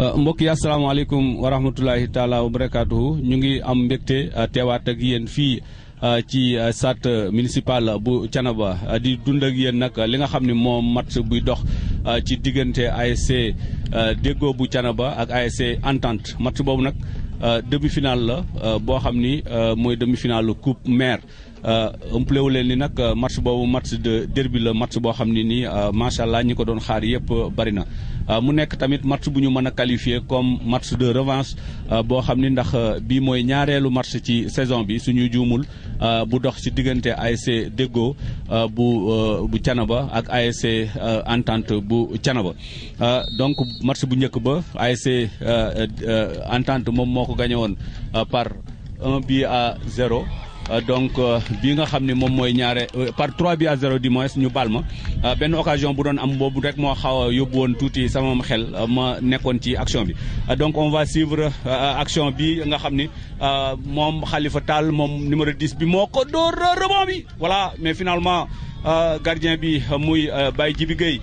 Euh, mbokk yi asalaamaaleykum wa rahmatulahi taala wa barakaatuhu ñu ngi am mbégte euh, teewaat ak yéen fii euh, ci sat municipal bu Thiénaba di dund ak yéen nag li nga xam ni moom match buy dox ci diggante ASC déggoo bu Thiénaba ak ASC entente match boobu nag demi-finale la boo xam ni mooy demi-finale coupe maire euh umplé wu leni nak uh, match bobu match de derby le lah, match bo xamni ni uh, machallah ñi ko doon xaar yépp bari na uh, mu nekk tamit match buñu mana qualifier comme match de revanche bo xamni ndax bi moy ñaarelu match ci saison bi suñu joomul bu dox ci digënté AC Dego bu bu Tianaba ak AC Entente bu Tianaba donc match bu ñëk ba AC Entente mom moko gagné won par 1 but à 0 Euh, donc euh, bi nga xamni mom moy ñaare euh, par 3 bi à 0 du moins ñu balma ben occasion bu doon am bobu rek mo xawa a yóbbu sama xel ma nekkon ci action bi. donc on va suivre action bi nga xamni mom Khalifa Tall mom numéro 10 bi moko ko dóor bi voilà mais finalement. Euh, gardien bi euh, muy euh, Baye Jibi Gueye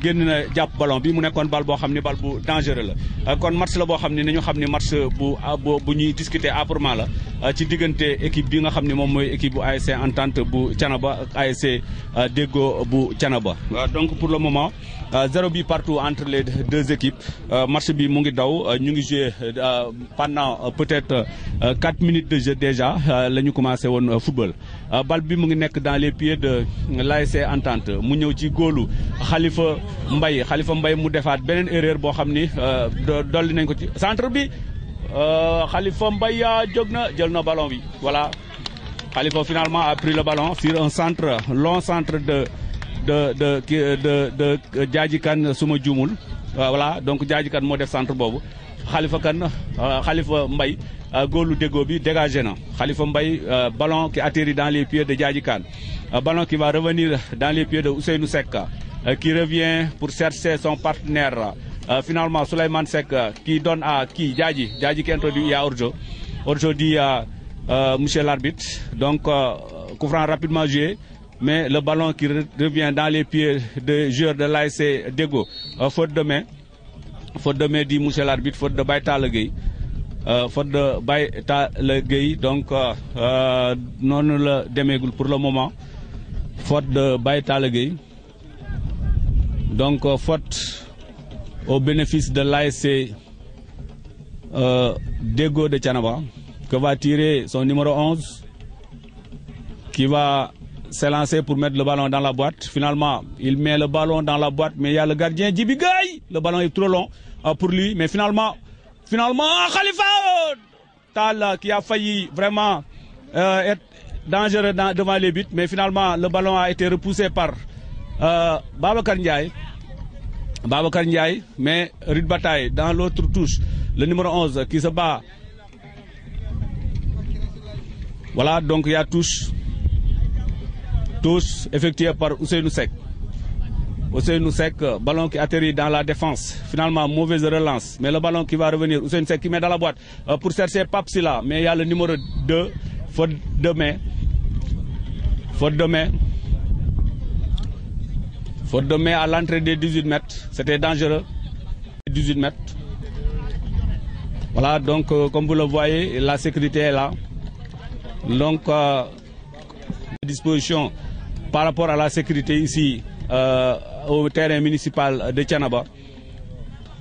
génn na jàpp ballon bi mu nekkoon bal boo xam ne bal bu dangereux la kon match la boo xam ne nañu xam ne match bu ah, bu ñuy discuter àprement la ci diggante équipe bi nga xam ne moom mooy équipe bu en Entente bu Thiénaba ak ASC Déggo bu Thiénaba donc pour le moment Euh, zéro bi partout entre les deux équipes euh, Marché bi mu ngi daw euh, ñu joué pendant peut-être 4 minutes de jeu déjà Nous ñu commencé won football bal bi mu dans les pieds de l'ASC Entente mu Golou, ci Khalifa Mbaye Khalifa Mbaye mu Ben benen erreur bo xamni centre bi Khalifa Mbaye ah, jogna na jël ballon bi voilà Khalifa finalement a pris le ballon sur un centre long centre de de de de de Kan euh, voilà donc Jaaji Kan def centre bobu Khalifa Kan euh, Khalifa Mbaye euh, goludegobi déggoo bi dégagé Khalifa Mbaye ballon qui atterrit dans les pieds de Jaaji ballon qui va revenir dans les pieds de Ousseynou Seck qui revient pour chercher son partenaire finalement Souleymane Seck qui donne à qui Jaaji Jaaji qui introduit à Orjo Orjo dit à monsieur l'arbitre donc couvrant rapidement joué mais le ballon qui revient dans les pieds de joueur de l'ASC Dego, euh, faute de main, faute de main dit Monsieur l'arbitre, faute de Baïta Le euh, faute de Baïta donc euh, non le démégul pour le moment, faute de Baïta Donc faute au bénéfice de l'ASC Dego de Tchanaba, que va tirer son numéro 11, qui va s'est lancé pour mettre le ballon dans la boîte. Finalement, il met le ballon dans la boîte, mais il y a le gardien Djibigay. Le ballon est trop long euh, pour lui, mais finalement, finalement, Khalifa Tal euh, qui a failli vraiment euh, être dangereux devant les buts, mais finalement, le ballon a été repoussé par Baba Babacar Ndiaye. Babacar Ndiaye, mais Rude Bataille dans l'autre touche, le numéro 11 qui se bat. Voilà, donc il y a touche. Touche effectuée par Ousseinou Sek. Ousseinou Sek, euh, ballon qui atterrit dans la défense. Finalement, mauvaise relance. Mais le ballon qui va revenir, Ousseinou Sek qui met dans la boîte euh, pour chercher Papsila. Mais il y a le numéro 2, faute de main. Faute de main. Faute de main à l'entrée des 18 mètres. C'était dangereux. 18 mètres. Voilà, donc euh, comme vous le voyez, la sécurité est là. Donc, la disposition par rapport à la sécurité ici euh, au terrain municipal de Tianaba.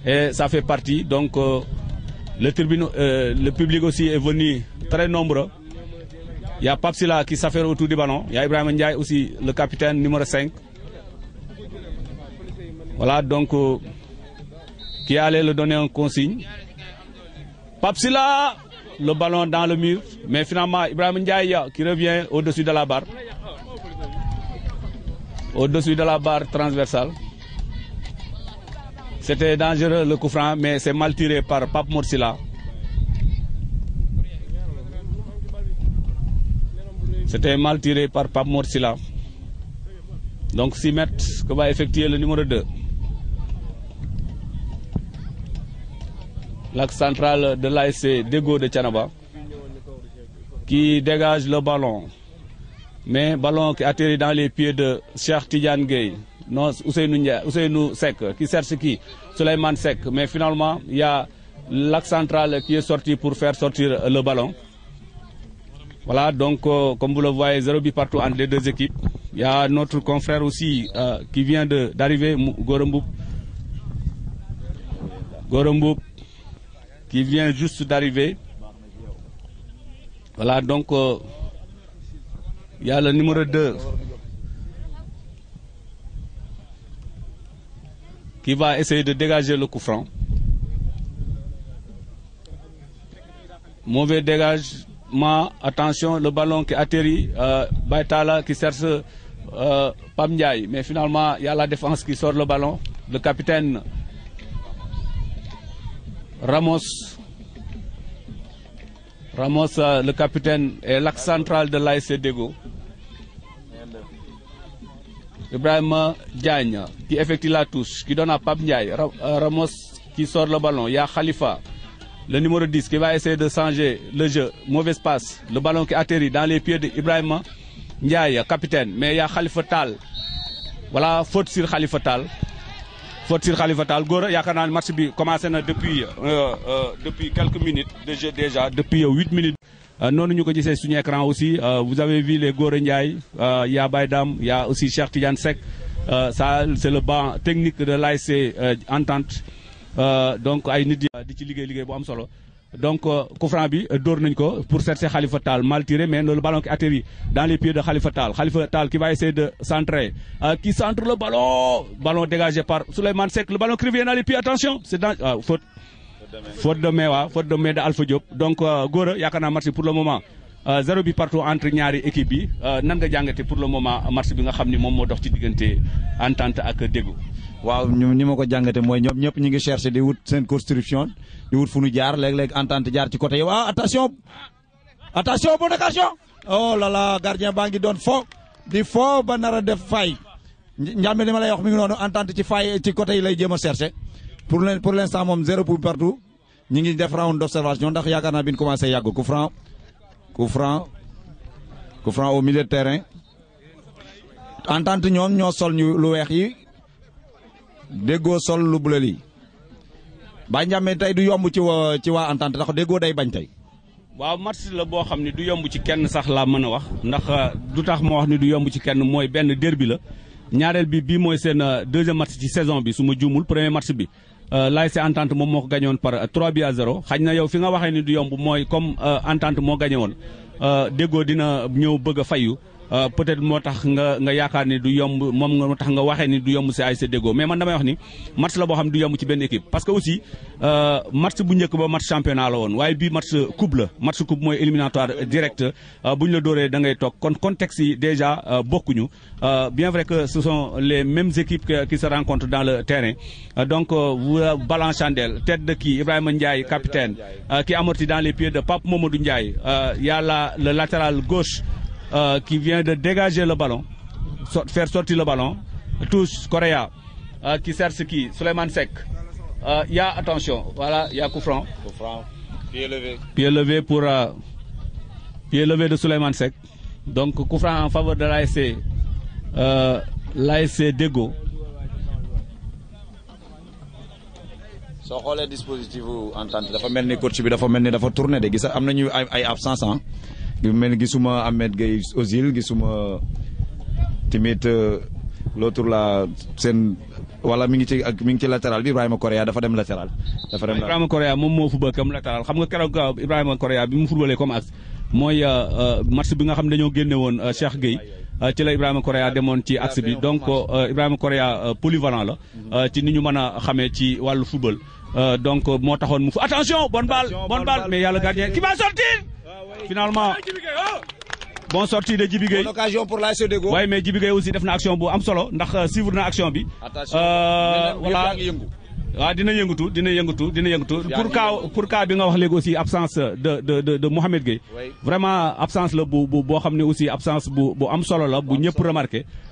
Et ça fait partie. Donc euh, euh, le, public aussi est venu très nombreux. Il y a Papsila qui s'affaire autour du ballon. Il y a Ibrahim Ndiaye aussi, le capitaine numéro 5. Voilà, donc, qui allait le donner en consigne. Papsila, le ballon dans le mur. Mais finalement, Ibrahim Ndiaye qui revient au-dessus de la barre au-dessus de la barre transversale. C'était dangereux le coup franc, mais c'est mal tiré par Pape Morsila. C'était mal tiré par Pape Morsila. Donc 6 mètres que va effectuer le numéro 2. L'axe central de l'ASC Dego de Tchanaba. qui dégage le ballon mais ballon qui atterrit dans les pieds de Cheikh Tidiane Gueye, non nous Sek, qui ce qui Suleiman Sek. Mais finalement, il y a l'axe central qui est sorti pour faire sortir le ballon. Voilà, donc euh, comme vous le voyez, zéro partout entre les deux équipes. Il y a notre confrère aussi euh, qui vient d'arriver, Gorumbou. Gorumbou, qui vient juste d'arriver. Voilà, donc... Euh, il y a le numéro 2 qui va essayer de dégager le coup franc. Mauvais dégagement, attention, le ballon qui atterrit, euh, qui cherche euh, Pamdiaï. Mais finalement, il y a la défense qui sort le ballon. Le capitaine Ramos Ramos, euh, le capitaine, est l'axe central de l'ASC Dego. Ibrahim Diagne qui effectue la touche, qui donne à Pape Ndiaye. Euh, Ramos qui sort le ballon. Il y a Khalifa, le numéro 10, qui va essayer de changer le jeu. Mauvais passe. Le ballon qui atterrit dans les pieds d'Ibrahim Ndiaye, capitaine. Mais il y a Khalifa Tal. Voilà, faute sur Khalifa Tal. Fortir Khalifa Tal Gore. yaakaar naa match bi commencé na depuis euh, euh, depuis quelques minutes de jeu déjà depuis huit minutes. Euh, non, ñu ko gissé suñu écran aussi vous avez vu les Gora Il y' a Baydam. Il y' a aussi Cheikh Tidiane Seck ça c'est le banc technique de l'ASC Entente donc ay nit di ci liggéey liggéey bu am solo donc Koufranbi, euh, euh, Dorninko, pour chercher Khalifa mal tiré mais le ballon qui atterrit dans les pieds de Khalifa Tall Khalifa qui va essayer de centrer euh, qui centre le ballon ballon dégagé par Souleymane Seck le ballon qui revient dans les pieds attention c'est dans ah, faute faute de main faute de main de Diop donc Gora yaakaar naa match pour le moment zéro bi partout entre ñaari équipe Kibi. nan nga pour le moment match bi nga xamni mom mo dox ci entente waaw ñoom ni ma ko jàngatee mooy ñoom ñëpp ñi ngi cherché di wut seen construction di wut fu nu jaar léeg-léeg entente jaar ci côté yi waaw attention attention bu occasion oh la la gardien baa ngi doon fo di fo ba nar a def fay njàmme li ma lay wax mi ngi noonu entente ci fay ci côté yi lay jéem a cherché pour le pour l' instant moom zéro pour partout ñi ngi def round d' observation ndax yaakaar naa bi ñu commencé yàgg ku franc ku franc ku franc au milieu de terrain entente ñoom ñoo sol ñu lu weex yi Dego sol lu bula lii ba njàmmee tey du yomb ci ci waa entente ndax déggoo day bañ tey waaw match la boo xam ni du yomb ci kenn sax laa mën a wax ndax euh, du tax ma wax ni du yomb ci kenn mooy benn derbi la ñaareel bi bii mooy seen euh, deuxième match ci saison bi su ma juumul premier match bi euh, laay si entente moom moo ko par trois bi à zéro xañ yow fi nga waxee ni du yomb mooy comme entente moo gañe woon déggoo dina ñëw bëgg fayu Euh, peut-être motax nga nga yakarni du yomb mom nga motax nga waxé ni du yomb ci ASC Dego mais man damay wax ni match la bo xam du yomb ci ben équipe. parce que aussi euh match bu ñëk ba match championnat la won waye bi match coupe la match coupe moy éliminatoire direct euh, buñ la dóoree da ngay tok kon contexte yi déjà euh, bokkuñu bien vrai que ce sont les mêmes équipes qui se rencontrent dans le terrain donc vous Balan Chandel tête de qui Ibrahim Ndiaye capitaine qui amorti dans les pieds de Pape Mamadou Ndiaye y a la le latéral gauche. Euh, qui vient de dégager le ballon, faire sortir le ballon. Touche Correa euh, qui sert ce qui Suleiman Sek. Il euh, y a attention, voilà, il y a Koufran Koufran. Pied levé. Pied levé pour pied levé de Suleiman Sek. Donc Koufran en faveur de l'ASC. l'ASC Dego. dispositif dafa coach de tourner. il y a absence yu mel gisuma Ahmed Gueye Ozil gisuma tamit euh, l'autre la seen wala mi ngi ci ak mi ngi ci latéral bi Ibrahima Correa dafa dem latéral. dafa dem Ibrahima Correa moom moo football comme latéral xam nga keroog euh, Ibrahima Correa bi mu footballee comme axe mooy euh, match bi nga xam ne dañoo génne woon Cheikh Gueye. ci la Ibrahima Correa demoon ci axe bi donc Ibrahima Correa polyvalent la. ci ni ñu mën a xamee ci wàll football. donc moo taxoon mu fa attention bonne balle bonne balle mais yàlla gardien qui va finalement bon sortie de Djibi Gueye. occasion pour la e go. waaye mais Djibi Gueye aussi def na action bu am solo ndax euh, suivre na action bi. Euh, voilà wa ah, dina yëngatu dina yëngatu dina yëngatu. pour cas pour cas bi nga wax léegi aussi absence de de de de Mohamed Gueye. vraiment absence la bu bo xamné aussi absence bu bu am solo la bu ñepp remarquer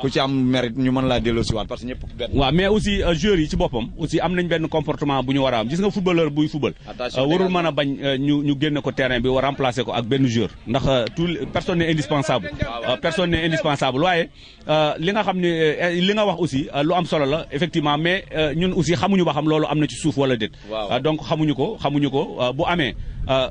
ku ci am mérite ñu mën la délo ci waat parce ñepp ben wa mais aussi uh, joueur yi ci bopam aussi am nañ ben comportement bu ñu wara am gis nga footballeur buy football uh, warul mëna bañ ñu ñu génné ko terrain bi war remplacer ko ak ben joueur ndax eh, tout personne n'est indispensable uh, personne n'est indispensable waye uh, eh, li nga xamni uh, li nga wax aussi lu am solo la effectivement mais uh, ñun aussi xamuñu ba xam lolu amna ci souf wala dit donc xamuñu ko xamuñu ko bu amé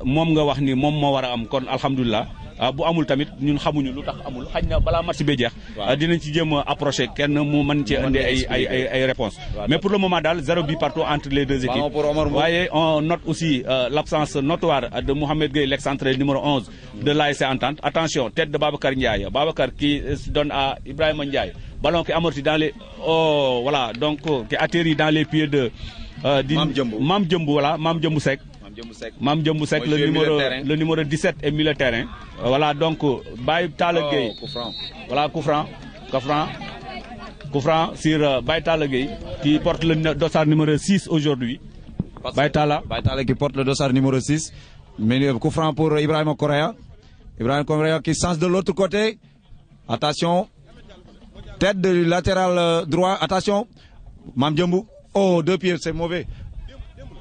mom nga wax ni mom mo wara am kon alhamdullilah Ah, bu amul tamit ñun xamuñu lu tax amul xañ na balaa match bi jeex ah, dinañ ci jéem mu ay ay ay réponse mais pour le moment daal zéro bi partout entre les deux équipes waaye on note aussi euh, l'absence notoire de Mohamed Gueye l'excentré numéro 11 de l'ASC Entente attention tête de Babacar Ndiaye Babacar qui se donne à Ibrahim Ndiaye ballon qui amorti dans les oh voilà donc qui atterrit dans les pieds de euh, Mam Djembo Mam Djembo voilà Mam Djembo Sek Mam Djambou hein. le numéro, le numéro 17 est milieu terrain. Oh. Voilà, donc, Baye Talegay. Oh, voilà, Koufran. Koufran. sur euh, Baye qui porte le dossard numéro 6 aujourd'hui. Euh, Baye Tala. qui porte le dossard numéro 6. Koufran pour Ibrahim Correa. Ibrahim Correa qui sens de l'autre côté. Attention. Tête de latéral euh, droit. Attention. Mam Djambou. Oh, deux pieds, c'est mauvais.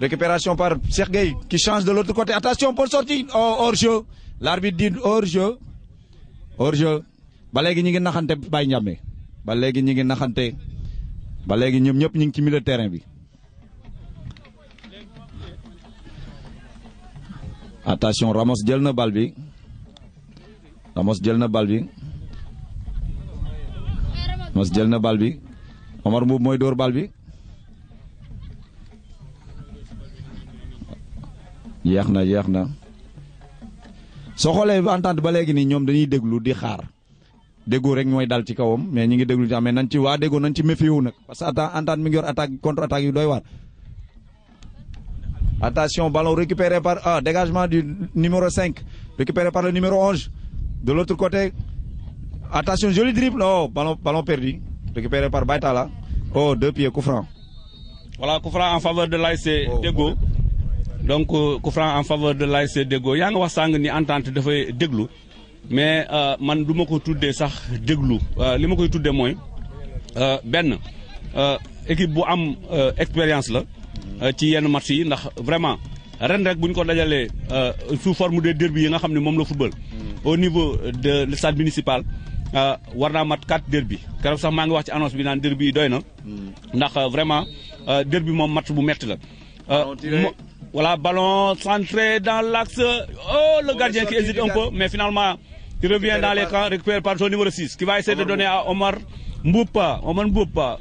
Récupération par Sergei qui change de l'autre côté. Attention pour sortir. Oh, hors jeu. L'arbitre dit hors jeu. Hors jeu. Balégi ñi ngi naxanté Baye Ndiame Balégi ñi ngi naxanté. Balégi léegi ñoom ñëpp ñu ngi ci milieu terrain bi attention Ramos jël na balle bi Ramos jël na balle bi Ramos jël na balle bi Omar Mbuub moy dóor balle bi yeex na yeex na soo xoolee entente ba léegi ni ñoom dañuy déglu di xaar déggoo rek mooy dal ci kawam mais ñi ngi déglu ci amee nañ ci waa un nañ ci méfiewu nag parce que ata entente mi ngi yor attaque contre attaque yu doy waar. attention ballon récupéré par ah dégagement du numéro 5 récupéré par le numéro 11 de l'autre côté attention joli dribble oh ballon ballon perdu récupéré par Baitala oh deux pieds coup franc. voilà coup franc en faveur de l'ASC Déggo. Oh, donc coup euh, franc en faveur de l'ASC Deggo yaa nga wax sàng ni entente dafay déglu mais euh, man du ma ko tuddee sax déglu euh, li ma koy tuddee mooy benn équipe bu am expérience la ci yenn match yi ndax vraiment ren rek bu ñu ko dajalee sous forme de derby yi nga xam ne moom la football. Mm. au niveau de le stade municipal war naa mat quatre derby keroog sax maa ngi wax ci annonce bi naan derby yi doy na. Mm. ndax vraiment derby moom match bu metti la. Voilà, ballon centré dans l'axe. Oh, le oh, gardien qui hésite un peu, mais finalement, il revient dans les camps, récupère par son numéro 6, qui va essayer de donner à Omar Mboupa, Omar Mboupa,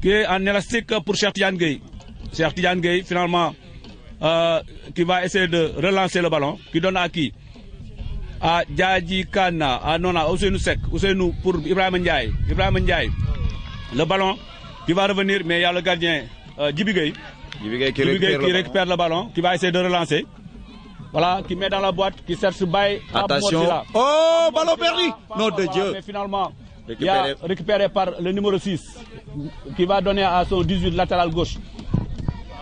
qui est un élastique pour Cheikh Gueye. Cheikh Gueye, finalement, euh, qui va essayer de relancer le ballon, qui donne à qui À Djadji Kana, à Nona, Ousseinou Sek, Ousseinou pour Ibrahim Pour Ibrahim Ndiaye, le ballon qui va revenir, mais il y a le gardien euh, Djibigay qui, récupère, le ballon, qui va essayer de relancer. Voilà, qui met dans la boîte, qui cherche bail. Attention. Oh, ballon perdu. Non, de Dieu. Mais finalement, récupéré. récupéré par le numéro 6, qui va donner à son 18 latéral gauche.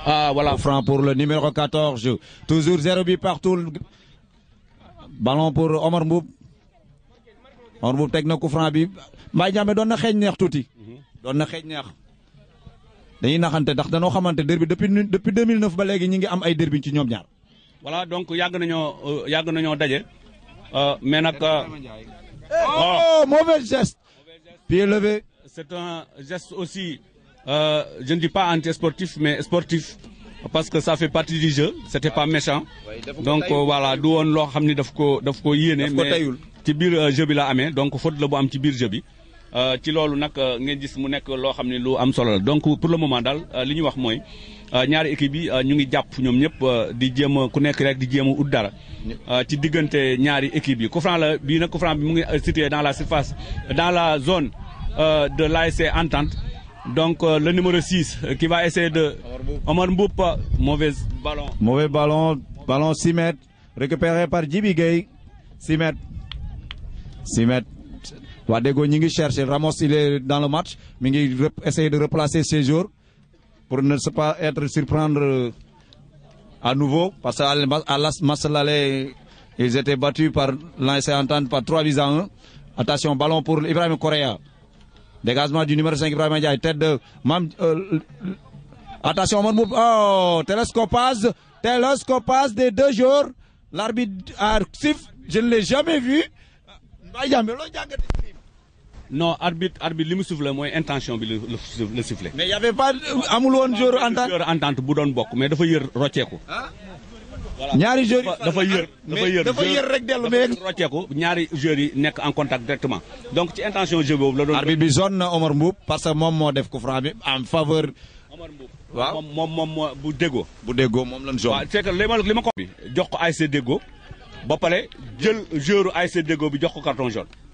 Ah, voilà. Franc pour le numéro 14. Toujours 0 but partout. Ballon pour Omar Mboub. Omar Mboub, techno coup franc bi. Mbaye un doon na xeeñ Donne tuuti. Mhm dañuy naxante ndax danoo xamante derby depuis depuis 2009 ba léegi ñi ngi am ay derby ci ñoom ñaar. voilà donc yàgg nañoo euh, yàgg nañoo daje euh, mais nag. Euh, eh, oh, oh mauvais geste. pied levé. c'est un geste aussi euh, je ne dis pas anti-sportif mais sportif parce que ça fait partie du jeu c'était pas méchant donc voilà du woon loo xam ni daf ko daf ko yéene mais ci biir jeu bi la amee donc faute la bu am ci biir jeu bi Euh, ci loolu nag euh, ngeen gis mu nekk loo xam ne lu am solo la donc pour le moment daal euh, li ñu wax mooy ñaari équipe bi ñu ngi jàpp ñoom ñëpp di jéem ku nekk rek di jéem ut dara ci diggante ñaari équipe bi coufran la bii nag coufran bi mu ngi situé dans la surface dans la zone de l'ASC entente donc le numéro 6 qui va essayer de Omar Mboup mauvais ballon mauvais ballon ballon 6 mètres récupéré par Djibi 6 mètres 6 mètres waa déggoo ñi Ramos il est dans le match Mingi ngi essayer de replacer ses jours pour ne pas être surprendre euh, à nouveau parce que à la ils étaient battus par l'ASC Entente par 3 buts à 1 attention ballon pour Ibrahim Correa dégagement du numéro 5 Ibrahim Ndiaye tête de Mam euh, attention oh télescopage télescopage des deux jours. l'arbitre a je ne l'ai jamais vu non arbitre arbitre li mu soufflé moy intention bi le, la soufflé. mais il y avait pas euh, amul woon jour entente jour entente bu doon bokk mais dafa yër rocceeku. Ah? ñaari joueurs dafa yeur, dafa yeur. dafa yër ah, rek delu mais rocceeku ñaari joueurs yi nek en contact directement donc ci intention jeu boobu la doon. arbitre bi zone na Omar Mboup parce que mom mo def coup franc bi en faveur. Omar Mboup waaw Mom moom moo bu dégo. bu dégo mom lan zone. waaw c'est que lima ma li ma jox ko IC dégo. ba pare jël joueur IC dégo bi jox ko carton jaune.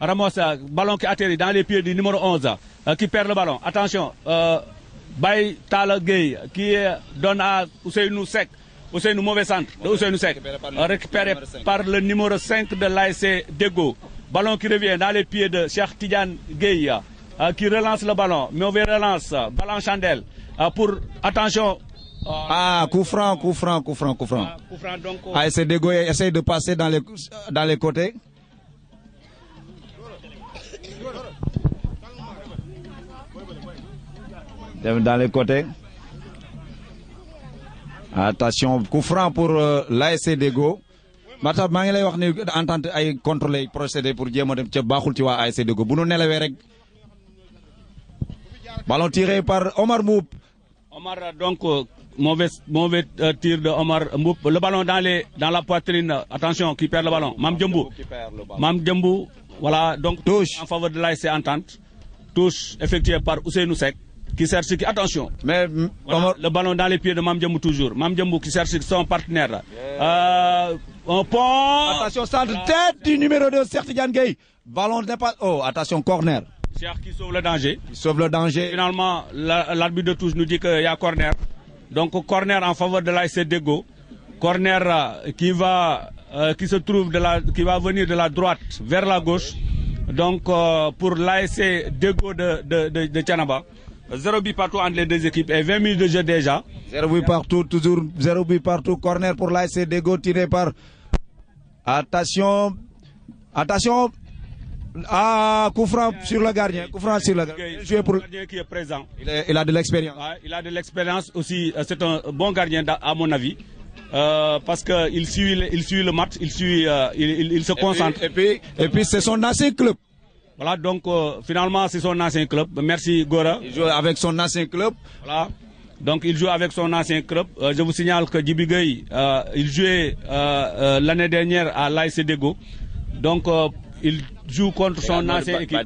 Ramosa euh, ballon qui atterrit dans les pieds du numéro 11, euh, qui perd le ballon. Attention, euh, Bay Tal Gay, qui donne à Ousseinou Sek. Ousseinou mauvais centre de Sek. Récupéré par le numéro 5 de l'ASC Dego. Ballon qui revient dans les pieds de Cheikh Tidiane qui relance le ballon. Mauvais relance, ballon chandelle. pour, attention. ah, coup franc, coup franc, coup ah, essaye de passer dans dans les côtés. dans les côtés. attention coup franc pour euh, l'ASC Dego Matar maa ngi lay wax ni entente ay contrôler procédé pour dire que c'est un baaxul ci l'AS ASC bu ballon tiré par Omar Moup Omar donc mauvais mauvais euh, tir de Omar Mboup le ballon dans les dans la poitrine attention qui perd le ballon Mam Jëmbu Mam Jëmbu voilà donc touche en faveur de l'ASC Entente touche effectuée par Ousseynou Seck qui qui attention mais le ballon dans les pieds de Mamdjamou toujours Mamdjamou qui cherche son partenaire euh, pont attention centre tête du numéro 2 Sertigan Gay ballon ne oh attention corner Cheikh qui sauve le danger sauve le danger finalement l'arbitre de touche nous dit qu'il y a corner donc corner en faveur de l'ASC Dego corner euh, qui va euh, qui se trouve de la qui va venir de la droite vers la gauche donc euh, pour l'ASC Dego de de de, de Tianaba. Zéro but partout entre les deux équipes et 20 minutes de jeu déjà. Zéro but partout, toujours zéro but partout. Corner pour l'AS Dego tiré par. Attention. Attention. Ah, coup franc sur le gardien. Coup franc sur le gardien. gardien qui est présent. Il, a de l'expérience. il a de l'expérience aussi. Euh, c'est un bon gardien à mon avis. Euh, parce qu'il suit, il suit le match, il, suit, euh, il, se concentre. Et puis, et puis c'est son ancien club. Voilà, donc euh, finalement, c'est son ancien club. Merci Gora. Il joue avec son ancien club. Voilà. Donc il joue avec son ancien club. Euh, je vous signale que Djibigay, euh, il jouait l'année dernière à l'ICDGO. Dego. Donc il joue contre son ancien équipe.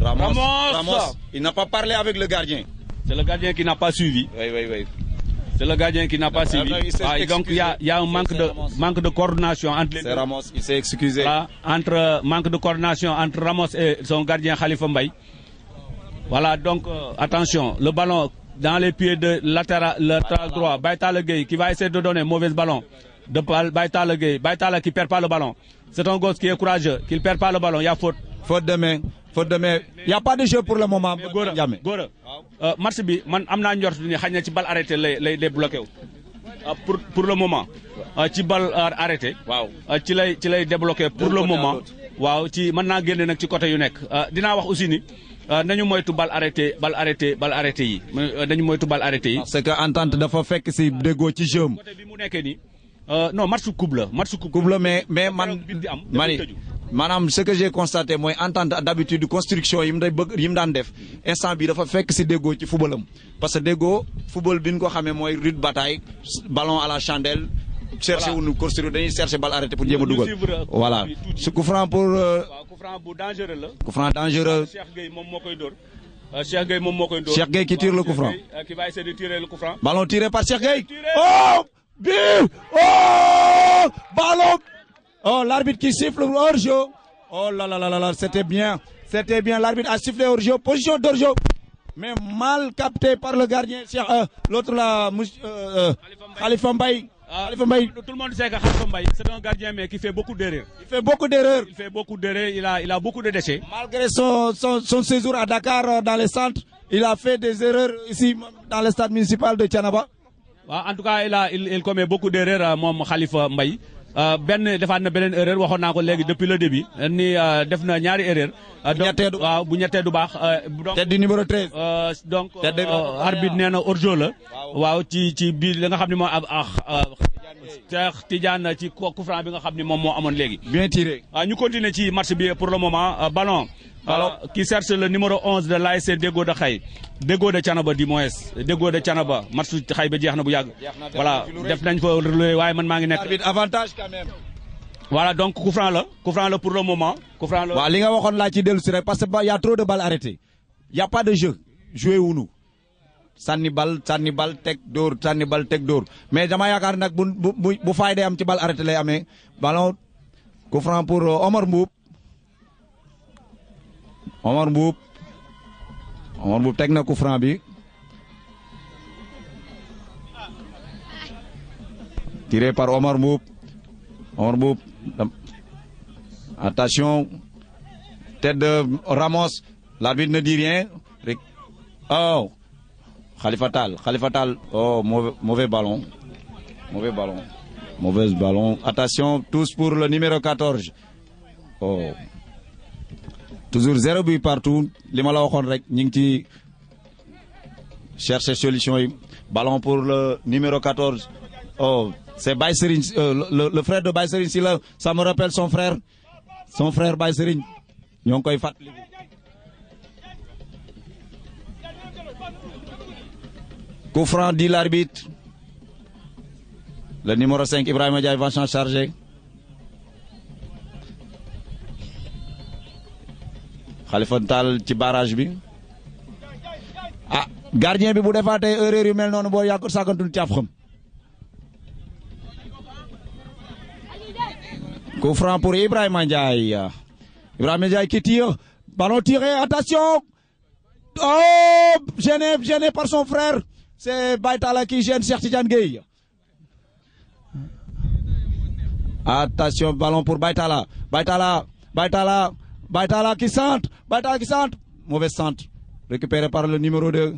Ramos. Il n'a pas parlé avec le gardien. C'est le gardien qui n'a pas suivi. Oui, oui, oui. C'est le gardien qui n'a pas suivi. Ah, donc il y a, un manque de, manque de coordination entre Ramos, manque de coordination entre Ramos et son gardien Khalifa Mbaye. Voilà, donc euh, attention, le ballon dans les pieds de latéral, droit, Baïta gay qui va essayer de donner mauvais ballon. De Baïta Gay. Baïta qui perd pas le ballon. C'est un gosse qui est courageux, qui ne perd pas le ballon, il y a faute. Faute de main. Il il y' a pas de jeu pour le moment. góor a góor a match bi man amna ni ci bal arrêté les, pour pour le moment. Euh, ci bal arrêté. waaw euh, ci lay ci lay pour le moment. waaw ci man na ci côté yu euh, dina wax aussi ni. nañu moytu bal arrêté bal arrêté bal arrêté yi moytu bal arrêté que entente dafa fekk ci dégo ci non match coupe match coupe mais manam ce que j'ai constaté moi en tant que d'habitude construction yim mu day bëgg yi daan def instant bi dafa fekk ci dégo ci football parce que le football bi ñu ko xamee rue rude bataille ballon à la chandelle. chercher où nous construire dañuy chercher balle arrêtée pour jéem a voilà ce coup pour. Euh, waaw coup franc bu dangereux la. coup franc dangereux. Cheikh Gueye mom moo dor euh, Cheikh Gueye mom moo dor Cheikh Gueye qui tire le coup euh, qui va essayer de tirer le coup ballon tiré par Cheikh Gueye. oh. oh. ballon. Oh, l'arbitre qui siffle Orjo Oh là là là là là, c'était bien. C'était bien. L'arbitre a sifflé Orjo, Position d'Orjo Mais mal capté par le gardien. Euh, l'autre là, euh, euh, ah, Khalifa Mbaye. tout le monde sait que Khalifa Mbaye, c'est un gardien mais qui fait beaucoup d'erreurs. Il fait beaucoup d'erreurs. Il fait beaucoup d'erreurs. Il a, il a beaucoup de déchets. Malgré son, séjour à Dakar dans les centres, il a fait des erreurs ici dans le stade municipal de Tianaba. Bah, en tout cas, il, commet beaucoup d'erreurs, moi Khalifa Mbaye. Euh, benn defaat na beneen erreur waxoon naa ko léegi depuis le début ni euh, def na ñaari erreur euh, ñettee du waaw bu ñettee du baax. tête di numéro 13. donc arbitre nee na hors-jeu la. waaw ci ci biir li nga xam ne moo ab ah, Cheikh Tidiane ci coup franc bi nga xam ni moom moo amoon bien tiré. Ah, ñu continuer ci match bi pour le moment euh, ballon. Euh, ballon qui cherche le numéro 11 de l'ASC Dego de Xay Dego de Canaba du moins Déggo de Canaba match Xay ba jeex na bu yàgg. voilà def nañ fa lu waaye man maa ngi avantage quand même. voilà donc coup franc la le pour le moment. coup franc la waaw li nga waxoon laa ci dellu si rek parce que y a trop de balles arrêtées y a pas de jeu ou wuñu. sànni bal sànni bal teg dóor sànni bal teg dóor mais dama yaakaar nag bu bu bu faay am ci bal arrêté lay amee ballon coup franc pour euh, Omar Mbuub Omar teg na coup franc bi. tiré par Omar Mbuub Omar Mbuub attention tête de Ramos l'arbitre ne dit rien oh. Khalifa Tal. oh, mauvais, ballon. Mauvais ballon. Mauvais ballon. Attention, tous pour le numéro 14. Oh. Toujours zéro but partout. Les Malawakon Rek, Ningti cherche solution. Ballon pour le numéro 14. Oh, c'est euh, le, frère de Baïserine Ça me rappelle son frère. Son frère Baïserine. Coup dit l'arbitre. Le numéro 5, Ibrahim Adjaï, va s'en charger. Khalifa Ntal ci barrage bi. ah gardien bi bu defaatee erreur yu mel noonu boo yàgg sàkkantul pour Ibrahim Diaye, Ibrahim Diaye qui tire. Ballon tiré, attention. Oh, gêné, gêné par son frère c'est Baitala qui gêne Cheikh Tidiane Gueye. Attention, ballon pour Baitala. Baitala, Baitala, Baytala qui centre, Baitala qui centre. Mauvais centre, récupéré par le numéro 2.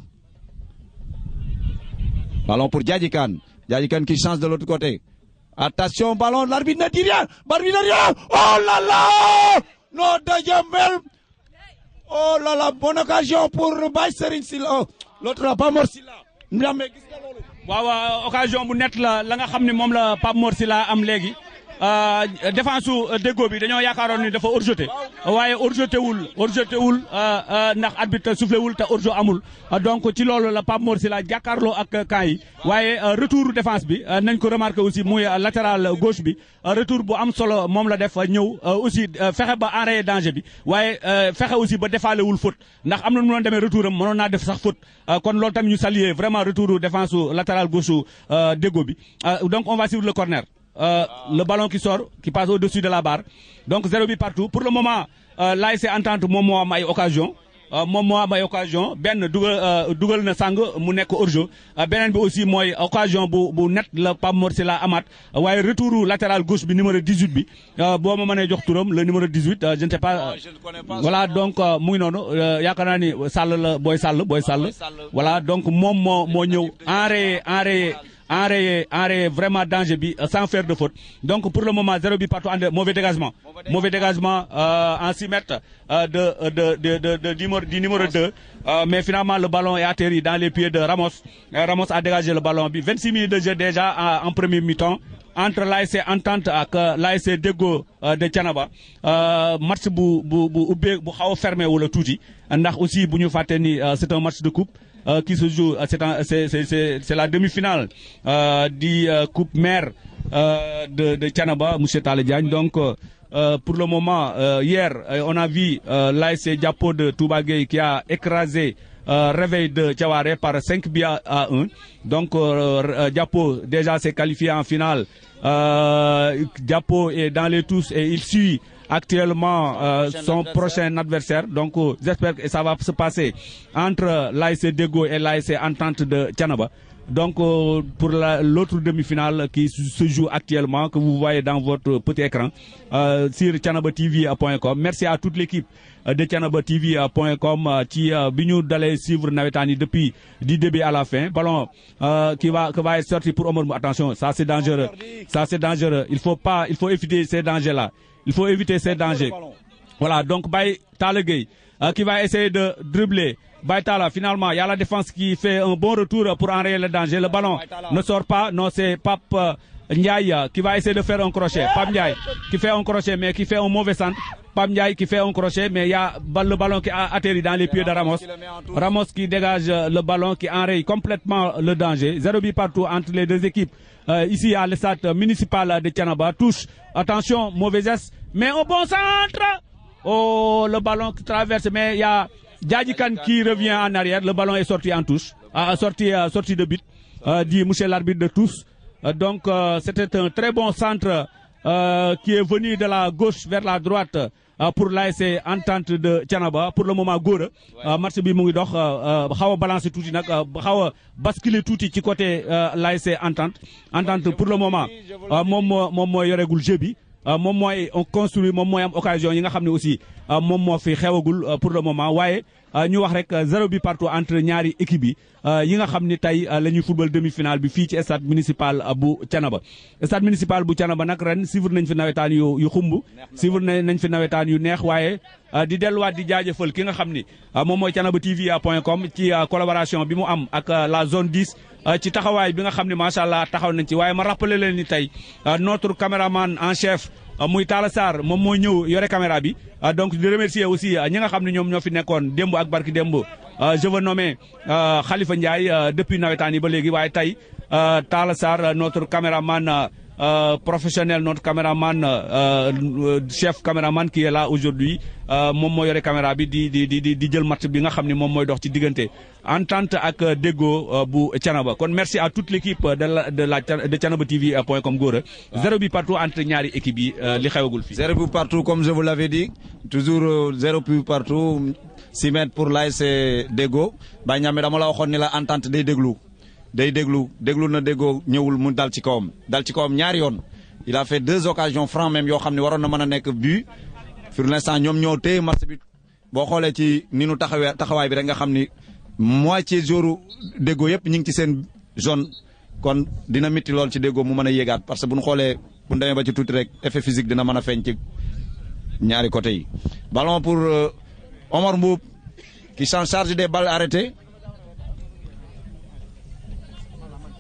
Ballon pour Djadjikan. Djadjikan qui change de l'autre côté. Attention, ballon, l'arbitre ne dit rien. L'arbitre ne dit rien. Oh là là Non, belle. Oh là là, bonne occasion pour Baiserin. Silo. Oh, l'autre n'a pas mort Silla. ndax mais gis nga loolu. waaw occasion bu net la la nga xam ne moom la Pape Mor Sylla am léegi. Euh, défense su euh, déggoo bi dañoo yaakaaroon ni dafa hors-jeu waaye hors-jeu wul hors-jeu wul euh, ndax arbitre soufflé wul te hors amul donc ci loolu la Pape Mor Sylla jàkkaarloo ak camp yi waaye retour défense bi nañ ko remarqué aussi muy latéral gauche bi retour bu am solo moom la def a ñëw aussi fexe ba enrayer danger bi waaye fexe aussi ba defaale wul faute ndax am na nu mu doon demee retour am mënoon naa def sax faute kon lool tam ñu saluer vraiment retour défense latéral gauche déggoo bi on va suivre le corner Euh, le ballon qui sort, qui passe au-dessus de la barre. Donc zéro but partout. Pour le moment, euh, l'ASC entente moom à am occasion euh, moom à am occasion ben Dougal euh, dugal na sang mu nekk hors-jeu aussi mooy occasion bu bu net la Pape Mor Sylla retour latéral gauche bi numéro 18 bi boo ma moment jox turam le numéro 18 je ne sais pas ah, voilà donc mu ngi noonu yaakaar naa ni Sall la booy Sall booy voilà donc moom monyo moo ñëw enrayé, vraiment danger euh, sans faire de faute. Donc pour le moment, zéro but partout, mauvais dégagement. Mauvais dégagement euh, en 6 mètres euh, de, de, de, du, numéro 2. mais finalement, le ballon est atterri dans les pieds de Ramos. Ramos a dégagé le ballon. 26 minutes de jeu déjà en, premier mi-temps entre l'ASC Entente et l'ASC Dego de Tiana. match bu bu bu bu fermé aussi c'est un match de coupe euh, qui se joue. Euh, c'est la demi-finale euh, du euh, Coupe Mère de, de Tchanaba, M. Donc, pour le moment, hier, on a vu c'est Diapo de Toubagé qui a écrasé Réveil de Tchawaré par 5 buts à 1. Donc, Diapo déjà s'est qualifié en finale. Diapo est dans les tous et il suit actuellement euh, son prochain adversaire. Donc j'espère que ça va se passer entre l'AS Dego et l'ASC Entente de Tianaba. Donc euh, pour l'autre demi-finale qui se joue actuellement, que vous voyez dans votre petit écran, euh, sur tianabatv.com. Merci à toute l'équipe de tianabatv.com qui euh, d'aller suivre Navetani depuis du début à la fin. Ballon qui va qui va être sorti pour Omar. Attention, ça c'est dangereux. Ça c'est dangereux. Il faut pas, il faut éviter ces dangers là. Il faut éviter ces dangers. Voilà, donc Baye euh, qui va essayer de dribbler. Baïtala, finalement, il y a la défense qui fait un bon retour pour enrayer le danger. Le ballon ne sort pas. Non, c'est Pape euh, Ndiaye euh, qui va essayer de faire un crochet. Pape qui fait un crochet, mais qui fait un mauvais centre. Pape Ndiaye qui fait un crochet, mais il y a le ballon qui a atterri dans les pieds de Ramos. Ramos qui dégage le ballon, qui enraye complètement le danger. Zéro partout entre les deux équipes. Euh, ici à l'estate municipal de Tianaba. Touche, attention, mauvaise mais au bon centre. Oh, le ballon qui traverse, mais il y a Djadjikan qui revient en arrière. Le ballon est sorti en touche, A ah, sorti, euh, sorti de but, euh, dit Mouchel l'arbitre de tous. donc, c'était un très bon centre qui est venu de la gauche vers la droite euh, pour l'ASC entente de Tianaba pour le moment Gore a euh, match bi mo ngi dox euh, xaw balancer touti nak xaw basculer touti ci côté l'ASC entente entente pour le moment mom mom moy yoregul jeu bi mom moy on construit mom moy am occasion yi nga xamné aussi mom mo fi xewagul pour le moment waye Euh, ñu wax rek euh, zéro bi partout entre ñaari équipe yi euh, yi nga xam ni tey la ñuy football demi-finale bi fii ci stade municipal bu Thiénaba stade municipal bu Thiénaba nag ren suivre nañ fi nawetaan yu yu xumb suivre nañ fi nawetaan yu neex waaye di delluwaat di jaajëfal ki nga xam ni moom mooy Thiénaba TV point comme ci collaboration bi mu am ak la zone 10 ci taxawaay bi nga xam ne macha allah taxaw nañ ci waaye ma rappeler leen ni tey notre caméraman en chef Ah, muy Talla Sarr moom moo ñëw yore caméra bi ah, donc di remercier aussi ah, ñi nga xam ne ñoom ñoo fi nekkoon démb ak barki démb je veux nommer Khalifa Ndiaye depuis nawetaan yi ba léegi waaye tey Talla Sarr notre man Euh, professionnel, notre caméraman, euh, euh, chef caméraman qui est là aujourd'hui, mon moo caméra bi di di di di jël match bi nga xam ne moom dox entente ak Dego bu tianaba merci à toute l'équipe de la de la de TV ah. zéro but partout entre et équipe les li zéro but partout comme je vous l'avais dit toujours zéro but partout 6 mètres pour l'aise et Dego. Niame dama la ni la entente de déglu. day déglu déglu na déggoo ñëwul mu dal ci kawam dal ci kawam ñaari yoon il a fait deux occasions yoo xam ne waroon na mën a nekk but pour l'instant ñoom ñoo tey match bi boo xoolee ci ni nu taxawee taxawaay bi rek nga xam ni mois ci joru déggoo yëpp ñu ngi ci seen zone kon dina métti lool ci déggoo mu mën a yéegaat parce que bu nu xoolee bu ñu ba ci tuuti rek effet physique dina mën a feeñ ci ñaari côté yi. ballon pour euh, Omar Mboup qui s'en charge des balles arrêtées.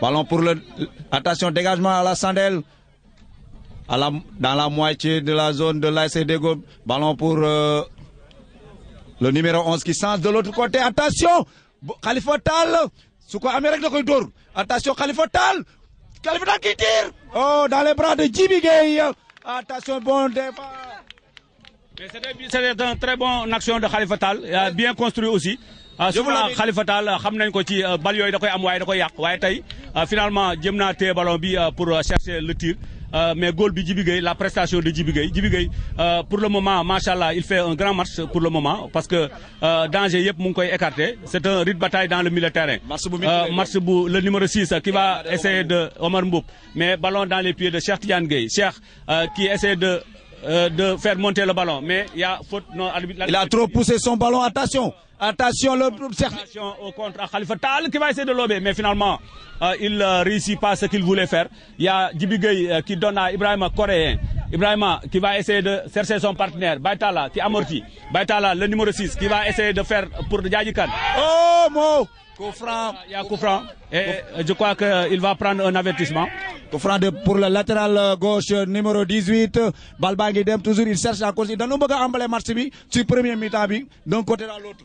Ballon pour le. Attention, dégagement à la sandelle. À la, dans la moitié de la zone de l'ACD Ballon pour euh, le numéro 11 qui sent de l'autre côté. Attention Khalifa Tal Sous Amérique de Koudour. attention Khalifa Tal Khalifa Tal qui tire oh dans les bras de Jimmy Gay attention bon départ. c'est c'était une très bon action de Khalifa Tal bien construit aussi. Ah, souvent Khalifa Tall euh, xam nañ ko ci euh, bal yooyu da koy am waaye da koy yàq waaye tey euh, finalement jëm naa téye ballon bi pour chercher le tir mais goal bi Djibi Gueye la prestation de Djibi Gueye Djibi Gueye pour le moment macha allah il fait un grand match pour le moment parce que danger yëpp mu ngi koy écarté c'est est un rude bataille dans le milieu terrain. match bu le numéro 6 qui va essayer de Omar Mboup mais ballon dans les pieds de Cheikh Tidiane Gueye Cheikh qui essaie de de faire monter le ballon mais y' a faute non. il a trop poussé son ballon attention. Attention, le Attention au contrat Khalifa Tal qui va essayer de lober, mais finalement, euh, il ne euh, réussit pas ce qu'il voulait faire. Il y a Djibigay euh, qui donne à Ibrahim Coréen. Ibrahim qui va essayer de chercher son partenaire. Baitala qui amortit. Baitala, le numéro 6, qui va essayer de faire pour Djadjikan. Oh, mon Koufran. Ah, il y a Koufran. Et je crois qu'il va prendre un avertissement. Koufran pour le latéral gauche numéro 18. Balbangidem toujours, il cherche à Il donne le premier mi-temps, d'un côté à l'autre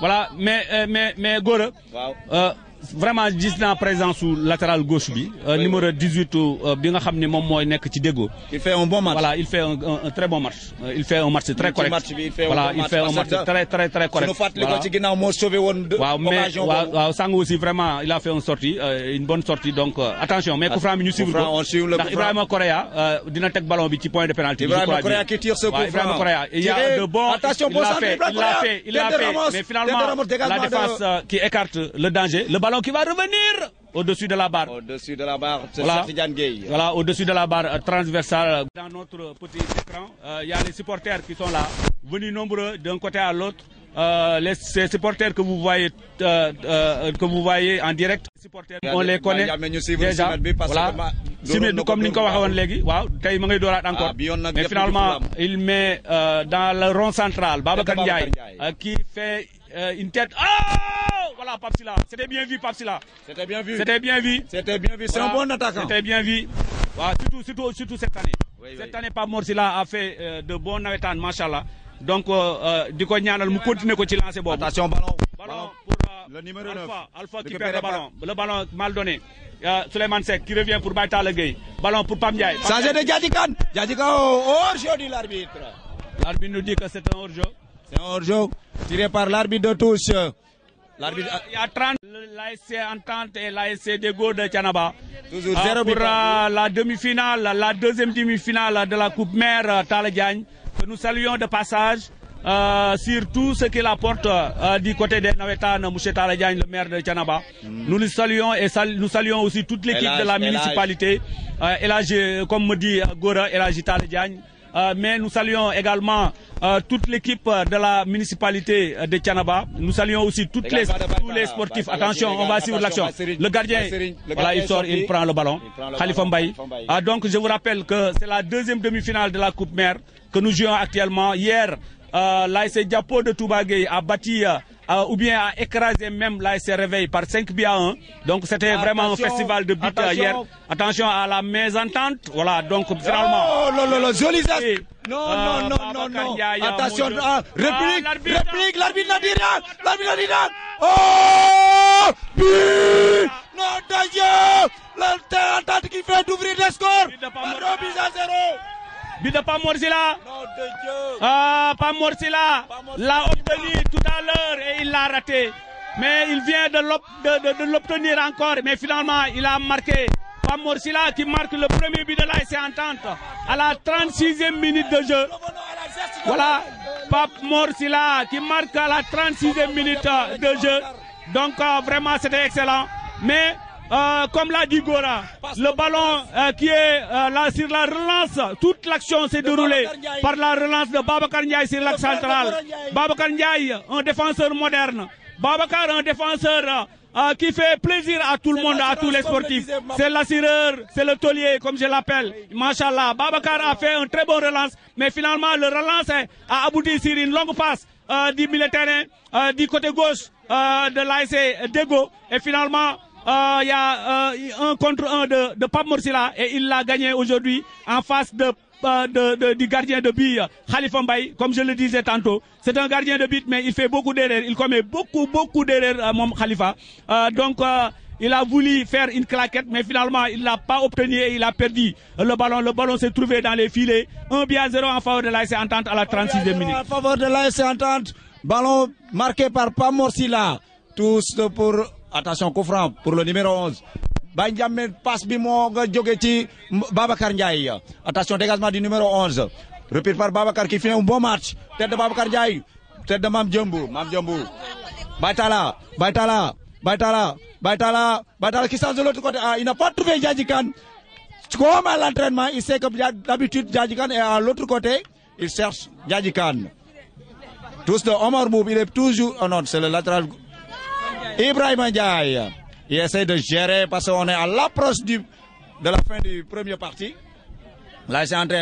voilà mais euh, mais mais Gora vraiment gis naa présence su latéral gauche bi. Euh, numéro 18 euh, bi nga xam ne moom mooy ci déggoo. il fait un bon match voilà il fait un un très bon match. Euh, il fait un match très correct voilà il fait un match très très très correct. voilà mais waaw waaw aussi vraiment il a fait une sortie une bonne sortie donc attention mais coup franc bi ñu suivre ko ndax Ibrahima Correa dina ballon bi ci point de pénalty. vraiment Correa qui tire ce coup vraiment Ibrahima Correa il y a de bon il a fait il a fait mais finalement la défense qui écarte le danger le ballon qui va revenir au-dessus de la barre. Au-dessus de la barre, c'est au-dessus de la barre euh, transversale. Dans notre petit écran, euh, il y a les supporters qui sont là, venus nombreux d'un côté à l'autre. Euh, les, ces supporters que vous voyez que vous voyez en direct supporters on les connaît déjà voilà comme ah, mais finalement il met dans le rond central Babacar Ndiaye qui fait euh, une tête. Oh Voilà, Papsila. C'était bien vu, Papsila. C'était bien vu. C'était bien vu. C'était bien vu. C'est un bon attaquant. C'était bien vu. Voilà, surtout, surtout, surtout cette année. cette année, Papsila Morsila a fait euh, de bons navettes, machallah. Donc, du coup, nous continuons à lancer. Attention, ballon. Ballon pour euh, le numéro Alpha, 9. Alpha qui perd le ballon. Le ballon mal donné. Euh, Suleiman Sek qui revient pour Baïta Gueye. Ballon pour Pamdiaye. Changer de Djadikan. Djadikan, hors jeu de l'arbitre. L'arbitre nous dit que c'est un hors jeu. C'est un tiré par l'arbitre de touche. L'arbitre. Il y a 30. L'ASC Entente et l'ASC Dego de Tianaba. Toujours 0 ah, Pour euh, la demi-finale, la deuxième demi-finale de la Coupe Mère euh, Taladiagne, que nous saluons de passage. Euh, sur tout ce qu'il apporte porte du côté de Navetan, M. Taladiagne, le maire de Tianaba. Hmm. Nous le saluons et nous saluons aussi toute l'équipe de la municipalité. Euh, là, comme me dit Gora Elage Taladiagne. Euh, mais nous saluons également euh, toute l'équipe euh, de la municipalité de Tianaba. Nous saluons aussi les, tous les sportifs. Attention, on va suivre l'action. Le gardien, voilà, il sort, il prend le ballon. Khalifa Mbaye. Ah, donc, je vous rappelle que c'est la deuxième demi-finale de la Coupe Mère que nous jouons actuellement. Hier, euh, Diapo de Toubagué a bâti euh, ou bien a écrasé même l'ASC Réveil par 5 buts à 1. Donc c'était vraiment un festival de buts hier. Attention à la mésentente. Voilà, donc finalement. Oh, là, là, oh, oh, oh, joli euh, Non, non, non, non, non, Attention, ah, réplique, ah, réplique, l'arbitre n'a dit rien. L'arbitre n'a dit rien. Ah. Oh, but Non, d'ailleurs, l'entente qui fait d'ouvrir le score. Robis à zéro but de Pamorzila. Ah, l'a obtenu tout à l'heure et il l'a raté. Mais il vient de l'obtenir encore. Mais finalement, il a marqué. Morcila qui marque le premier but de en Entente à la 36e minute de jeu. Voilà, Pape Morsila qui marque à la 36e minute de jeu. Donc, ah, vraiment, c'était excellent. Mais euh, comme l'a dit Gora, le ballon euh, qui est euh, là sur la relance, toute l'action s'est déroulée par la relance de Babacar Ndiaye sur l'axe central. Babacar Ndiaye, un défenseur moderne. Babacar, un défenseur qui fait plaisir à tout le monde, à tous les sportifs. C'est l'assureur, c'est le taulier, comme je l'appelle. Machallah, Babacar a fait un très bon relance, mais finalement le relance a abouti sur une longue passe du militaire, du côté gauche de l'AIC Dego. Et finalement, il euh, y a euh, un contre un de, de Pape Morsila et il l'a gagné aujourd'hui en face euh, de du gardien de but Khalifa Mbaye, comme je le disais tantôt. C'est un gardien de but, mais il fait beaucoup d'erreurs. Il commet beaucoup, beaucoup d'erreurs, Khalifa. donc, il a voulu faire une claquette, mais finalement, il l'a pas obtenu et il a perdu le ballon. Le ballon s'est trouvé dans les filets. 1 bien 0 en faveur de l'AS Entente à la 36e minute. En faveur de l'AS Entente, ballon marqué par Pamorsila. Tous pour attention coup franc pour le numéro 11 Benjamin passe bi Djogeti Babacar Ndiaye attention dégagement du numéro 11 repris par Babacar qui fait un bon match tête de Babacar Ndiaye tête de Mam Jombo. Mam Djombo Baitala, Baitala, Baitala Baitala Baitala qui de l'autre côté ah il n'a pas trouvé Ndiadji C'est comme à l'entraînement il sait que d'habitude Ndiadji est à l'autre côté il cherche Ndiadji tous de Omar Boub il est toujours oh non c'est le latéral Ibrahim Ndiaye, il essaie de gérer parce qu'on est à l'approche de la fin du premier parti. La il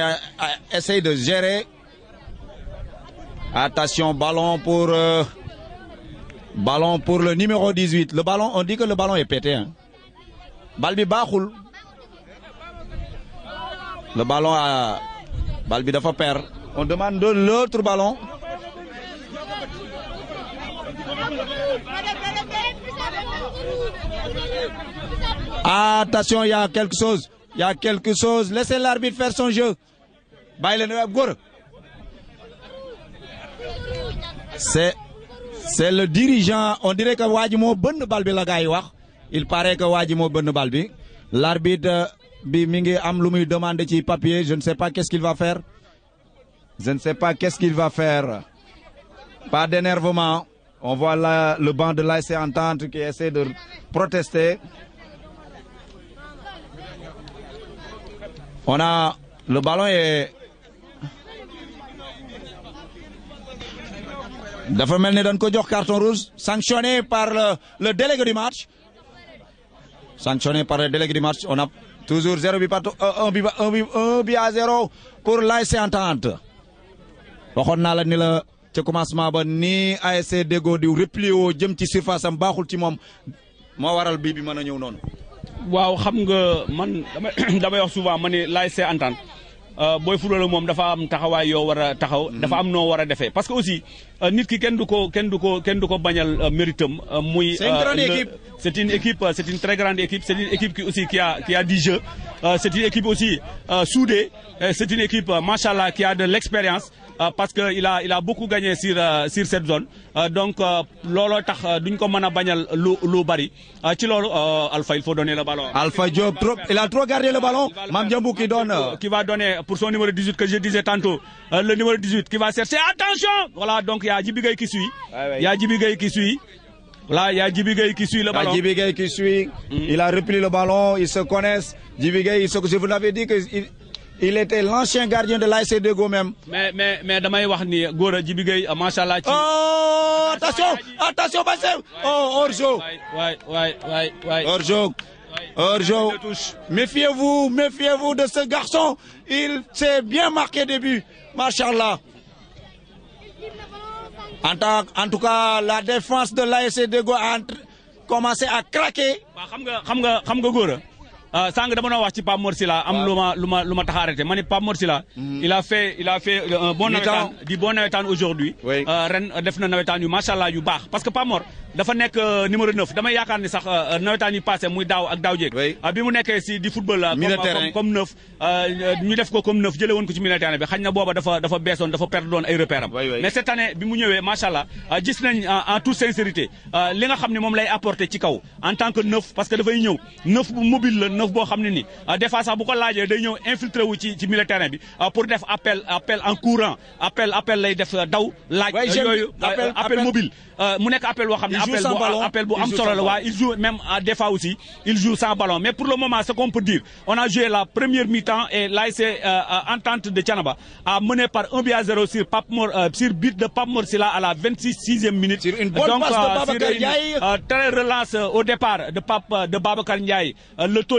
essaie de gérer. Attention, ballon pour... Euh, ballon pour le numéro 18. Le ballon, on dit que le ballon est pété. Hein. Balbi Le ballon à... Balbi Dafa perd. On demande de l'autre ballon attention il y a quelque chose il y a quelque chose laissez l'arbitre faire son jeu c'est c'est le dirigeant on dirait que Wadimo ji la il paraît que Wadimo Bonne l'arbitre euh, bi Amlumi demande des papiers. papier je ne sais pas qu'est-ce qu'il va faire je ne sais pas qu'est-ce qu'il va faire pas d'énervement on voit là le banc de l'ASC e Entente qui essaie de protester. On a. Le ballon et dafa mel ni ko jox carton rouge sanctionné par le, délégué du match sanctionné par le délégué du match on a toujours 0 1 1 à 0 pour l'ASC Entente On a la ni la ca commencement ba ni ASC Dego di replié woo jëm ci surface am baaxul ci moo waral bii bi mën a ñëw noonu. waaw xam nga man dama damay wax souvent ma ne laay see entendre euh, booy fulal moom dafa am taxawaay yoo war a taxaw. dafa am noo war a defee parce que aussi. c'est une équipe euh, c'est une très grande équipe c'est une équipe qui aussi qui a qui a du jeu euh, c'est une équipe aussi euh, soudée c'est une équipe machallah qui a de l'expérience parce que il a il a beaucoup gagné sur sur cette zone donc il faut donner le ballon. Alpha trop il a trop gardé le ballon. Mam qui donne. qui va donner pour son numéro 18 que je disais tantôt le numéro 18 qui va chercher attention voilà donc ya Jibi Gueye qui suit. Il y a Jibi Gueye qui suit. Là, il y a Jibi qui suit le ballon. Il y a qui suit. Il a repris le ballon. Ils se connaissent. Jibi Gueye, je vous l'avais dit que il était l'ancien gardien de l'AC de Go même. Mais, mais, mais, damay wax ni Gora Djibi machallah Oh, attention, attention Bassem. Oh, Orjo. Orjo. Ouais, ouais, ouais, ouais. Méfiez-vous, méfiez-vous de ce garçon. Il s'est bien marqué début. Machallah. En, tout cas, la défense de l'ASC a e commencé à craquer. Bah, euh, sang dama doon wax ci Pape Mor Sylla am luma luma luma ma lu ma tax arrêté ma ne Pape Mor mhm. il a fait il a fait euh, un bon nawetaan di bon nawetaan aujourd'hui euh, ren def na nawetaan yu macha allah yu bax parce que Pape Mor dafa nek numéro 9 dama yakar ni sax nawetaan yi passé muy daw ak daw jéeg bi mu nekkee ci di football comme comme neuf ñu def ko comme neuf jëlee won ko ci militaire bi xagn na booba dafa dafa beesoon dafa perdre doon ay repère mais cette année bi mu ñëwee macha allah gis nañ en toute sincérité li nga xamni mom lay apporter ci kaw en tant que neuf parce que dafay ñëw neuf bu mobile neuf bo xamni ni de ah, des fois sax bu ko laajee day infiltré wu ci terrain bi ah, pour def appel appel en courant appel appel lay def daw. laaj appel mobile. Ah, mu nekk appel boo xamni appel appel bu am solo la il joue même des fois aussi il joue sans ballon mais pour le moment ce qu'on peut dire on a joué la première mi-temps et l'ASC euh, euh, Entente de Thiénaba a mené par 1 0 sur Pape euh, sur but de Pape Morsila à la 26e minute. sur une bonne passe de Babacar Ndiaye donc très relance au départ de Pape de Babacar Ndiaye le taux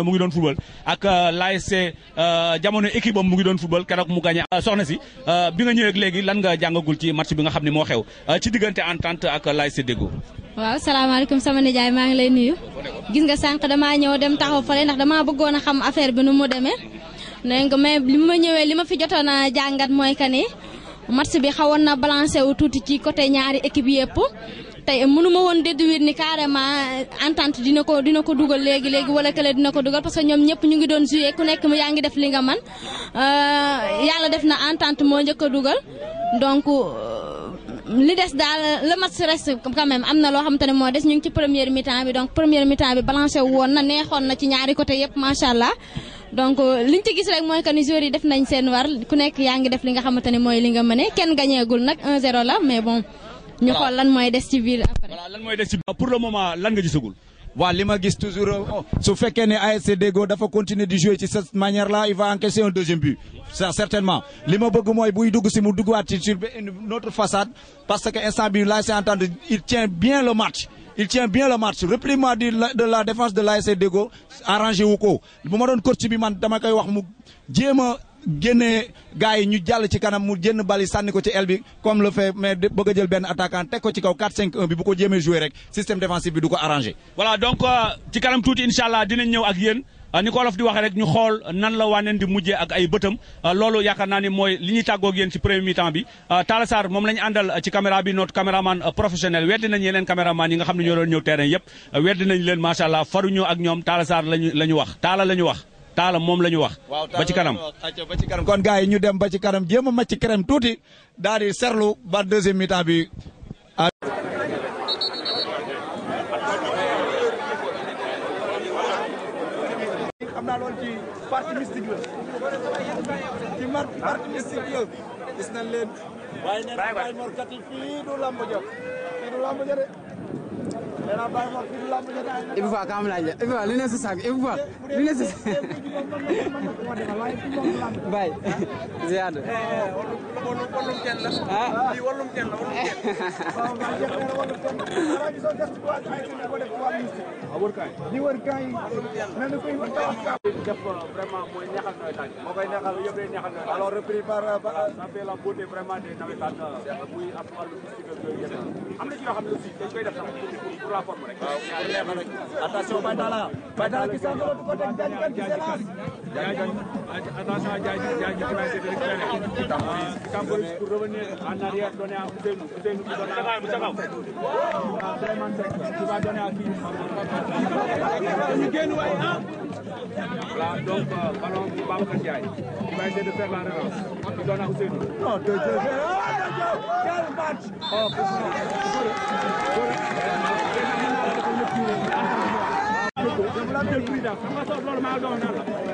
mu ngi doon football ak euh, l'ASC euh, jamono équipe am mu ngi doon football keroog mu gagné euh, soxna si bi nga ñëwee léegi lan nga jàngagul ci match bi nga xam ne moo xew ci diggante entente ak l'ASC Deggo waaw salaamaaleykum sama nijaay maa ngi lay nuyu gis nga sànq damaa ñëw dem taxaw fale ndax damaa bëggoon a xam affaire bi nu mu demee ne nga mais li ma ñëwee li ma fi jotoon a jàngat mooy que ni match bi xawoon na balancé wu tuuti ci côté ñaari équipe yëpp tey mënuma woon déduire ni carrément entente dina ko dina ko dugal léegi léegi wala kële dina ko dugal parce que ñoom ñëpp ñu ngi doon joué ku nekk yaa ngi def li nga man euh, yàlla def na entente moo njëkk dugal donc euh, li des daal la match reste quand même am na loo xamante ne moo des ñu ngi ci première mi bi donc première mi-temps bi balancé woon na neexoon na ci ñaari côté yëpp macha allah donc euh, liñ ci gis rek mooy que ni joueurs yi def nañ seen war ku nekk yaa ngi def li nga xamante ne mooy li nga mëne kenn gañeegul nag 1 la mais bon. lan ci biir après. voilà lan ci biir pour le moment lan nga second. waaw les ma gis toujours oh, su fekkee ne Dego, Deggo dafa continuer de jouer ci cette manière là il va encaisser un deuxième but ça certainement Les ma bëgg mooy buy dugg si mu duggaat ci sur une autre façade parce que instant bi là c'est entendu il tient bien le match il tient bien le match repliement de la défense de l'ASC Deggo arrangé wu ko bu ma doon coach bi man dama koy wax mu jéem génnee gaa yi ñu jàll ci kanam mu jënn bali sànni ko ci el bi comme le fait mais bëgg jël benn attaquant teg ko ci kaw 4 bi bu ko jéemee jouer rek système défensif bi du ko arrangé. voilà donc euh, ci kanam tuuti incha allah dinañ ñëw ak yéen. Euh, ni ko Wolof di waxee rek ñu xool nan la waaneen di mujjee ak ay bëtam euh, loolu yaakaar naa ni mooy li ñuy tàggoog yéen ci premier mi-temps bi Talla Sarr moom la ñu àndal ci caméra bi notre caméraman professionnel weddi nañ yeneen caméraman yi nga xam ne ñoo doon ñëw terrain yëpp weddi nañ leen macha la ñu wax Talla la ñu wax taala moom la ñu wax. ba ci kanam ci kanam kon gars yi ñu dem ba ci kanam jéem a màcc crème tuuti daal di serlu ba deuxième mi-temps na Ibou Fall kam laaj la Ibou Fall li ne sa saag Ibou Fall li ne sa bay ziyaad ah, ah li war kay nanu koy def euh, vraiment mooy neexal nawetaan moo koy neexal yëpp day neexal nawetaan alors repris euh, par ça fait la beauté vraiment des nawetaan euh, muy am wàllu physique yooyu yëpp ci yoo xam ne aussi dañ koy def sax pour la forme rek. waaw attention Baye Talla. Baye Talla gis naa ko ko teg jaaj jaaj attention jaaj jaaj ci laaj bi rek. Tamboris pour revenir en arrière donner à Ousseynou Ousseynou qui donne à Moustapha. Souleymane Seck qui va donner à kii. ñu génn waay ah. Voilà, donc, euh, ballon pour Babacar Ndiaye. Il va essayer de faire la relance. Il donne à Ousseynou. Oh, deux, deux, deux. Quel match Oh, oh Je vous l'avais pris là. Ça va sortir normal dans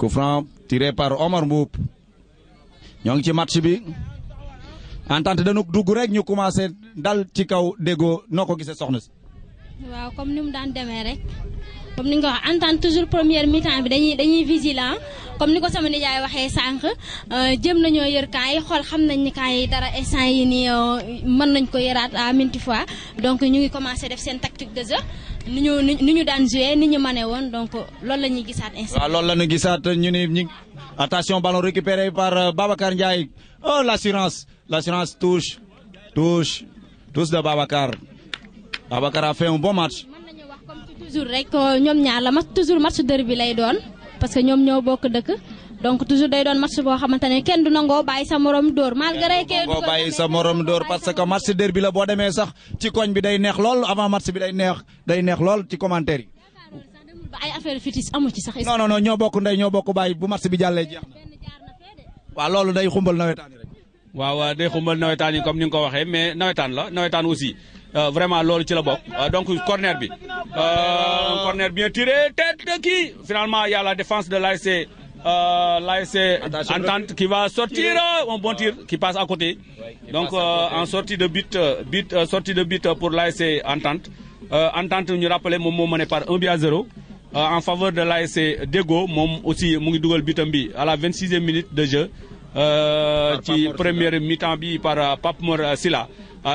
coup franc tiré par Omar Mboup ñoo ngi ci match bi entente dañu dugg rek ñu commencé dal ci kaw déggoo noo ko gisee soxna si. waaw comme ni mu daan demee rek comme ni nga ko wax toujours première mi bi dañuy dañuy vigilant comme ni ko sama nijaay waxee sànq euh, jëm nañoo yër camp yi xool xam nañ ni camp yi dara instant yi nii euh, mën nañ ko yëraat à maintes fois donc ñu ngi commencé def seen tactique de jeu Nous daan donc attention ballon récupéré par euh, Babacar Ndiaye oh l'assurance, l'assurance touche touche touche de Babacar Babacar a fait un bon match. man comme toujours rek euh, la match toujours match lay parce que ñom ñoo bokk donc toujours day doon match boo xamantene kenn du nangoo bàyyi sa morom dóor malgré que ko bàyyi sa morom dóor parce que match der bi la boo demee sax ci koñ bi day neex lool avant match bi day neex day neex lool ci commentaire yi ba ay affaire fitis amu ci sax non non non ñoo bokk ndey ñoo bokk bàyyi bu match bi jàllee jeex na waaw loolu day xumbal nawetaan yi rek waaw waaw day xumbal nawetaan yi comme ni nga ko waxee mais nawetaan la nawetaan aussi euh, vraiment loolu ci la bokk euh, donc corner bi euh, corner bien tiré tête de kii finalement y a la défense de l'ASC euh, Entente qui va sortir euh, un bon tir qui passe à côté. Donc euh, en sortie de but, euh, sortie de but pour l'ASC Entente. Entente nous rappelle, mon mené par 1 à 0 en faveur de l'ASC Dego mon aussi mon double à la 26e minute de jeu. premier première mi-temps par Pape Mor Silla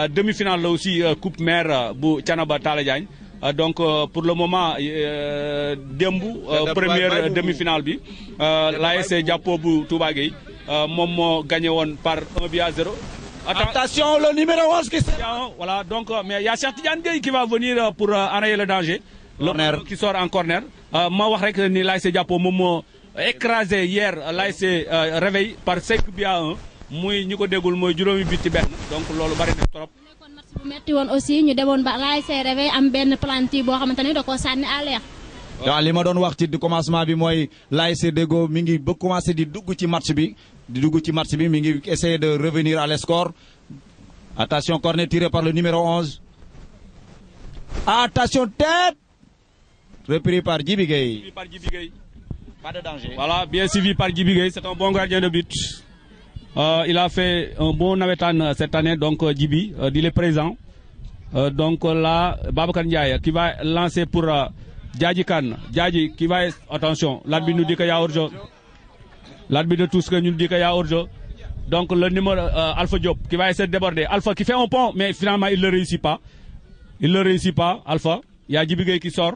demi-finale aussi Coupe mère bu Tianaba euh, donc euh, pour le moment euh, Dembou, première demi-finale bi l'ASC diapo bou Touba Gueye gagne gagné par 1 0. Attention, le numéro 11 qui passe. Voilà, donc, mais il y a Cheikh Tidiane qui va venir pour euh, arrêter le danger. Le qui sort en corner. ma moi, je ni l'AIC Diapo, Momo, écrasé hier, l'AIC euh, par 5 buts à 1. Moi, nous avons dégoulé, nous Donc, na trop metti woon aussi ñu à de revenir à l'escore attention corner tiré par le numéro 11 attention tête repris par Djibi pas de danger. voilà bien suivi par Djibi c'est un bon gardien de but. Euh, il a fait un bon navetan euh, cette année, donc euh, Djibi, il est présent. donc là, Babakan Ndiaye qui va lancer pour Djadji Khan. qui va, attention, l'arbitre nous dit qu'il y a hors-jeu. de tout ce que nous dit qu'il y a hors Donc le numéro Alpha Diop qui va essayer de déborder. Alpha qui fait un pont, mais finalement il ne réussit pas. Il ne réussit pas, Alpha. Il y a Djibi qui sort.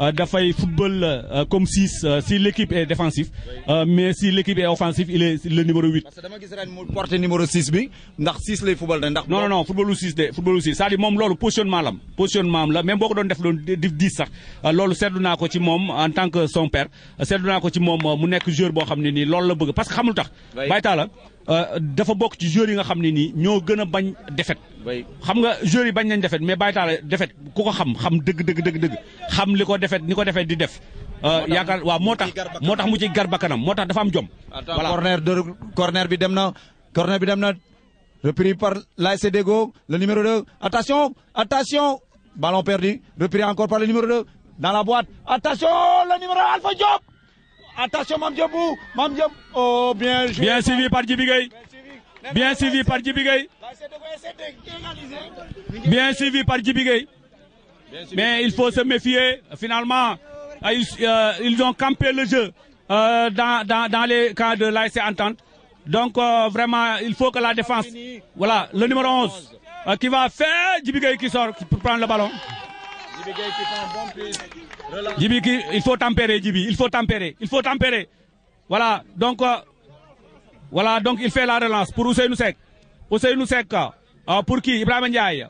Euh, d'affaire le football euh, comme 6 euh, si l'équipe est défensive mais si l'équipe est offensive il est le numéro 8 parce que numéro 6 bi ndax 6 lay football ndax non non football aussi c'est football 6 cest dit mom lolu positionnement lam positionnement la même boko don def lo 10 sax lolu seddu nako ci mom en tant que son père seddu nako ci mom mu nek joueur bo xamni ni lolu la bëgg parce que xamul tax bayta la Euh, dafa bok ci joueurs yi nga xam ne nii ñoo gën a bañ defet. xam nga joueurs yi bañ nañ defet mais bàyyi taal defet ku ko xam xam dëgg dëgg dëgg dëgg xam li ko defet ni ko defee di def. Euh, yaakaar waaw moo tax moo mu ci garba kanam moo tax dafa am jom. corner de corner bi dem na corner bi dem na repris par la Dego le numéro 2 attention attention ballon perdu repris encore par le numéro 2 dans la boîte attention le numéro Alpha Diop. attention Mam Djebou, oh, bien joué bien suivi par Djibigaye, bah, bien suivi par Djibigay. bien suivi par Djibigay. mais il faut se méfier finalement euh, euh, ils ont campé le jeu euh, dans dans les cas de laisser Entente donc vraiment il faut que la défense voilà le numéro 11 qui va faire Jibigay qui sort pour prendre le ballon il faut tempérer, Il faut tempérer. Il faut tempérer. Voilà. Donc, euh, voilà. Donc, il fait la relance pour Ousseinou Sek. Euh, pour qui Ibrahim Ndiaye.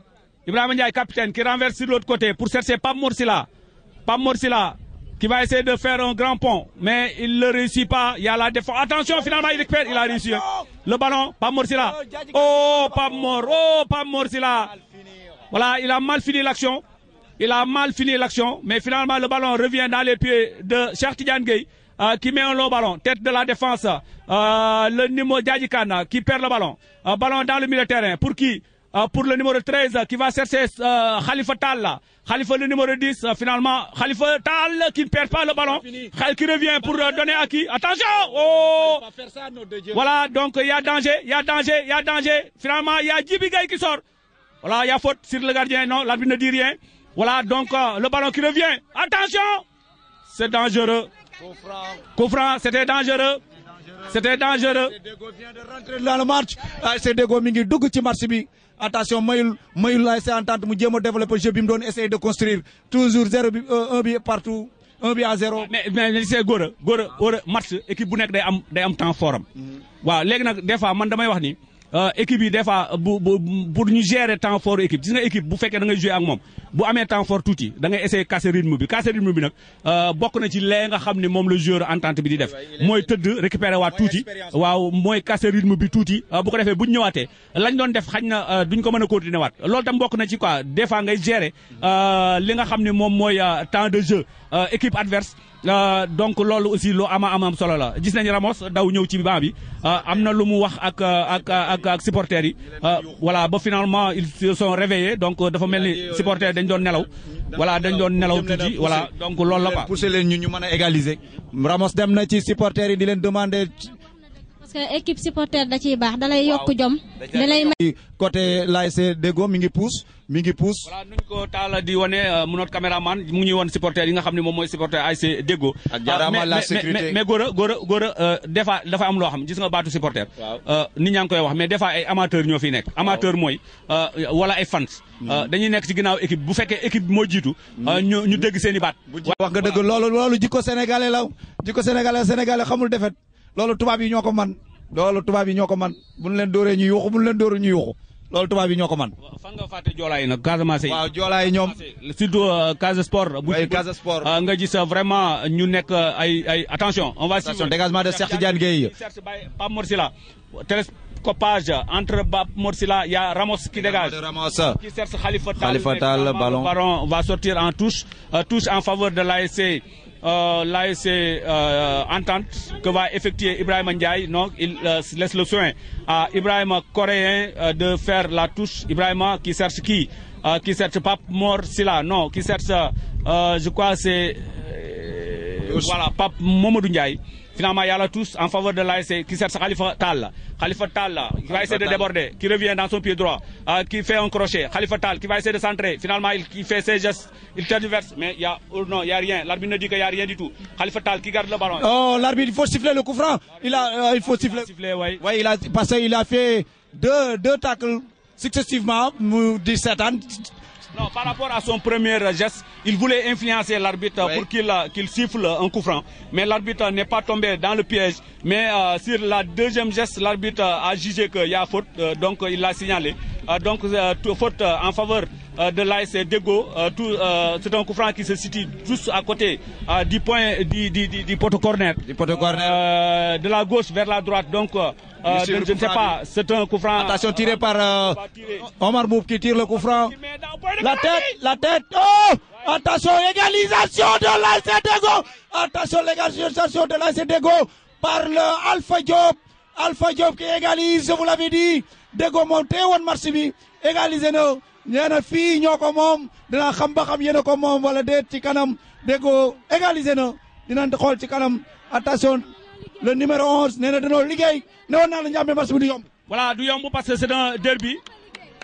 Ibrahim Ndiaye, capitaine, qui renverse sur l'autre côté pour chercher Pam Morsila. Pam Morsila qui va essayer de faire un grand pont, mais il ne réussit pas. Il y a la défense. Attention, finalement, il récupère. Il a réussi. Hein. Le ballon, Pam Morsila. Oh, Pam Oh, Pam Morsila. Voilà, il a mal fini l'action. Il a mal fini l'action, mais finalement le ballon revient dans les pieds de Chartidian euh, qui met un long ballon. Tête de la défense, euh, le numéro Djadjikana euh, qui perd le ballon. ballon dans le milieu de terrain. Pour qui pour le numéro 13 qui va chercher Khalifa Tal. Khalifa le numéro 10 finalement. Khalifa Tal qui ne perd pas le ballon. Qui revient pour donner à qui Attention oh! Voilà, donc il y a danger, il y a danger, il y a danger. Finalement, il y a Djibigay qui sort. Voilà, il y a faute sur le gardien. Non, l'arbitre ne dit rien. Voilà donc euh, le ballon qui revient. Attention C'est dangereux. Koufran, c'était dangereux. C'était dangereux. Dego vient de rentrer dans le match. Ah, c'est Dego mingi dugg ci match bi. Attention Mayul Mayul lay c'est en tente mu jéem a développer jeu bi mu doon essayer de construire toujours 0 1 euh, bi partout. 1 bi à 0. Ah, mais mais li see góor a góor match équipe bu nekk day am day am temps forum. am. Mhm. waaw léegi des fois man damay wax ni. Euh, équipe yi des fois bu bu pour ñu gérer temps fort équipe gis équipe bu fekkee da ngay jouer ak moom bu amee temps fort tuuti da ngay essayer casser bi casser rythme bi nag euh, bokk na ci lee nga xam ne moom le joueur entente bi di def mooy tëdd récupérer waat tuuti waaw mooy casser rythme bi tuuti euh, bu ko defee bu ñu ñëwaatee lañ doon def xañ na duñ ko mën a continuer waat loolu tam bokk na ci quoi des fois ngay gérer li nga xam ne moom mooy temps de jeu équipe adverse Euh, donc lolu aussi lo ama am am solo la gis nañ Ramos daw ñew ci ban bi euh, amna wax ak euh, ak ak ak supporters yi voilà ba finalement ils se sont réveillés donc dafa melni ni supporters dañ doon nelaw voilà dañ doon nelaw tuuti voilà donc lolu la quoi. pousser leen ñu ñu égaliser. Ramos dem na ci supporters yi di leen demander. parce que équipe supporter da ciy baax da lay yokk jom. da lay may côté l'ASC Deggo mi ngi puus mi ngi puus. voilà nuñ ko taal di wane euh, mu noot caméraman mu ngi woon supporter yi nga xam ne moom mooy supporter ASC ah, la sécurité mais mais góor a góor euh, dafa am loo xam gis nga baatu supporter. Euh, ni ñaa ngi koy wax mais des fois ay amateur ñoo fi nekk. amateur mooy wala ay fans. Hmm. dañuy nekk ci ginnaaw équipe bu fekkee équipe bi moo jiitu. Hmm. ñu ñu dégg seen i baat. wax nga dëgg loolu loolu jikko sénégalais la jikko sénégalais sénégalais xamul defet loolu tubaab yi ñoo man loolu tubaab yi ñoo man bu leen dóoree ñu yuuxu bu leen dóoree ñu yuuxu loolu tubaab yi ñoo ko man fan nga fàtte joolaa nak nag Casamance waaw joolaa ñom ñoom surtout euh, Casa Sport bu Casa Sport euh, nga gis euh, vraiment ñu nek ay ay attention on va suivre dégagement de Cheikh Tidiane Gueye Pape Mor Sylla télescopage entre Pape Morsila, il y a Ramos qui dégage Ramos qui cherche Khalifa Tall Khalifa Tall ballon va sortir en touche touche en faveur de l'ASC euh, Là, c'est euh, entente que va effectuer Ibrahim Ndiaye. Donc, il euh, laisse le soin à Ibrahim Coréen euh, de faire la touche. Ibrahim qui cherche qui Qui cherche Pape mort Non, qui cherche, je crois, c'est. voilà, Pape Momodou Ndiaye. Finalement, il y a là tous en faveur de l'ASC qui sert Khalifa Tal. Khalifa Tal qui va essayer de déborder, qui revient dans son pied droit, euh, qui fait un crochet. Khalifa Tal qui va essayer de centrer. Finalement, il, il fait ses gestes, il tergiverse, mais il y a, oh non, il y a rien. L'arbitre ne dit qu'il n'y a rien du tout. Khalifa Tal qui garde le ballon. Oh, l'arbitre, il faut siffler le coup Il a, euh, il faut siffler. Il a passé, il a fait deux, deux tacles successivement, 17 ans. Non, par rapport à son premier geste, il voulait influencer l'arbitre pour qu'il euh, siffle un coup franc. Mais l'arbitre n'est pas tombé dans le piège. Mais euh, sur la deuxième geste, l'arbitre a jugé qu'il y a faute, euh, donc il l'a signalé. Euh, donc, euh, faute euh, en faveur de l'AS Dego. c'est un coup qui se situe juste à côté du point du, du, corner. de la gauche vers la droite. Donc, je ne sais pas, c'est un coup Attention, tiré par Omar Boub qui tire le coup La tête, la tête. Oh Attention, égalisation de l'AS Dego. Attention, l'égalisation de l'AS Dego par le Alpha Diop. Alpha Diop qui égalise je vous l'avais dit de moom tee woon match bi égalisé na nee na fii ñoo ko xam ba xam yéen ko mom wala nous ci kanam déggoo égaliser na dinañ xol ci kanam attention le numéro 11 nee na danoo liggéey ne woon naa la njàmbe match bi du yomb. voilà du yomb parce que c'est un derby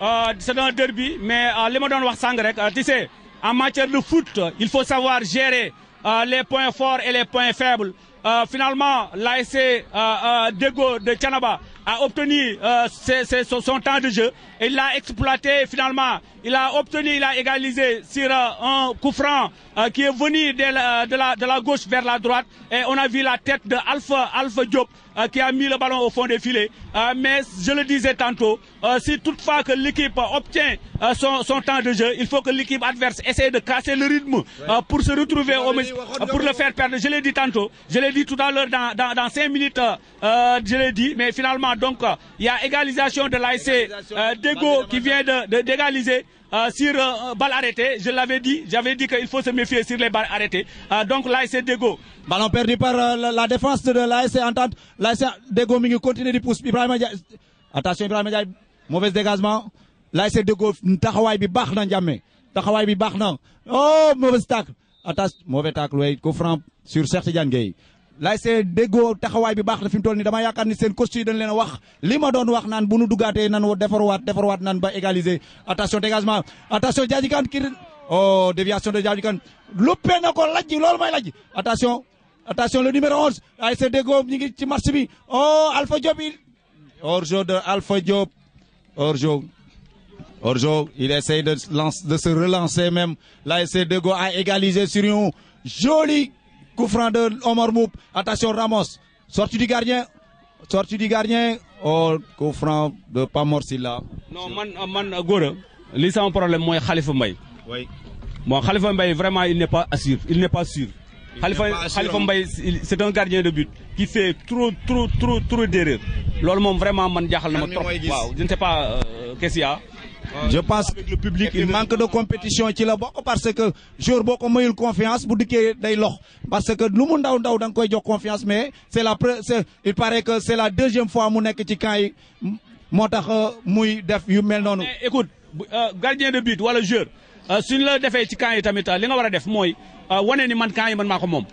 euh c'est un derby mais euh, li ma doon wax sang rek euh, tu sais en matière de foot il faut savoir gérer euh, les points forts et les points faibles. Euh, finalement l'ASC euh, euh, Dego de Canaba a obtenu euh, son, temps de jeu. Et il l'a exploité finalement. Il a obtenu, il a égalisé sur euh, un coup franc euh, qui est venu de la, de, la, gauche vers la droite. Et on a vu la tête de Alpha, Alpha Diop qui a mis le ballon au fond des filets. mais je le disais tantôt, si toutefois que l'équipe obtient son, temps de jeu, il faut que l'équipe adverse essaie de casser le rythme pour se retrouver au pour le faire perdre. Je l'ai dit tantôt, je l'ai dit tout à l'heure dans, cinq dans, 5 minutes, je l'ai dit, mais finalement donc euh, il y a égalisation de l'AIC euh, Dego qui vient d'égaliser. Euh, sur euh, balle arrêtée. Je l'avais dit, j'avais dit qu'il faut se méfier sur les balles arrêtées. donc l'ASC Dego. Ballon perdu par la, défense de l'ASC Entente. L'ASC Dego continue de pousser. Ibrahim Attention Ibrahim Mauvais dégagement. L'ASC Dego, Tahawai bi n'en jamais. Tahawai bi se Oh, mauvais tacle. Attention, mauvais tacle, oui. Coup franc sur Serge Diangay laay see déggoo taxaway bi bax la fim mu toll dama yakarni sen seen yi dañ leen wax li ma doon wax naan bu nu duggaatee nan defarwaat defarwaat nan ba égaliser attention dégagement attention Diadji Kane oh déviation de Diadji loupé nako ladji ko may ladji attention attention le numéro 11 laay see déggoo ñi ngi ci match bi oh Alpha Diop il hors-jeu de Alpha job hors-jeu hors-jeu il essaie de lance de se relancer même laay see déggoo a égalisé sur un joli Coup de Omar Moub, Attention Ramos. Sortie du gardien. sorti du gardien. Oh, coup de Pamor Silla. Non, man, man, Gore. un problème, moi, Khalifa Mbaye. Oui. Khalifa Mbaye, vraiment, il n'est pas sûr. Il n'est pas sûr. Khalifa, Mbaye, c'est un gardien de but qui fait trop, trop, trop, trop d'erreurs. L'homme, vraiment, man, je ne sais pas euh, qu'est-ce qu'il y a je pense avec le public il manque de compétition ci la bokk parce que jour boko ko mayul confiance bu diké day lox parce que lu mu ndaw ndaw dang koy jox confiance mais c'est la c'est il paraît que c'est la deuxième fois mu nek ci camp yi moo euh, muy def yu mel nonou écoute euh, gardien de but wala joueur euh, suñ la défé ci camp yi tamit li nga wara a def mooy woné ni man camp yi man mako mom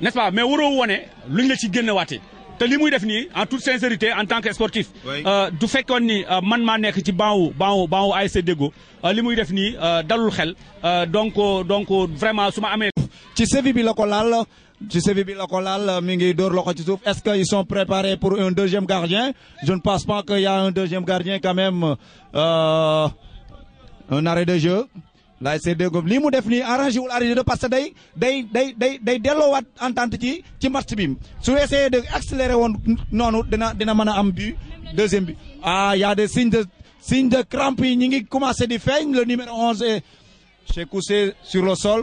n'est-ce pas mais waroo woné luñ la ci waté te li muy def ni en toute sincérité en tant que sportif. Euh, du fekkone ni euh, man ma nek ci banc wu banc wu ce Deggo euh, li muy def ni dalul xel donc donc vraiment su amé ci sévi bi lako lal ci sévi bi Locolal, mingi mi ngi ci est-ce qu'ils sont préparés pour un deuxième gardien je ne pense pas qu'il y a un deuxième gardien quand même un arrêt de jeu laay c'est déggoom lii mu def ni arrangé wul arrangé parce que day day day day day delloowaat entente ci ci match bi su essayé de accélérer won nonou dina dina mën am but deuxième but ah y a des signes de signes de crampes yi ñi ngi commencer di feeñ le numéro 11 est couché sur le sol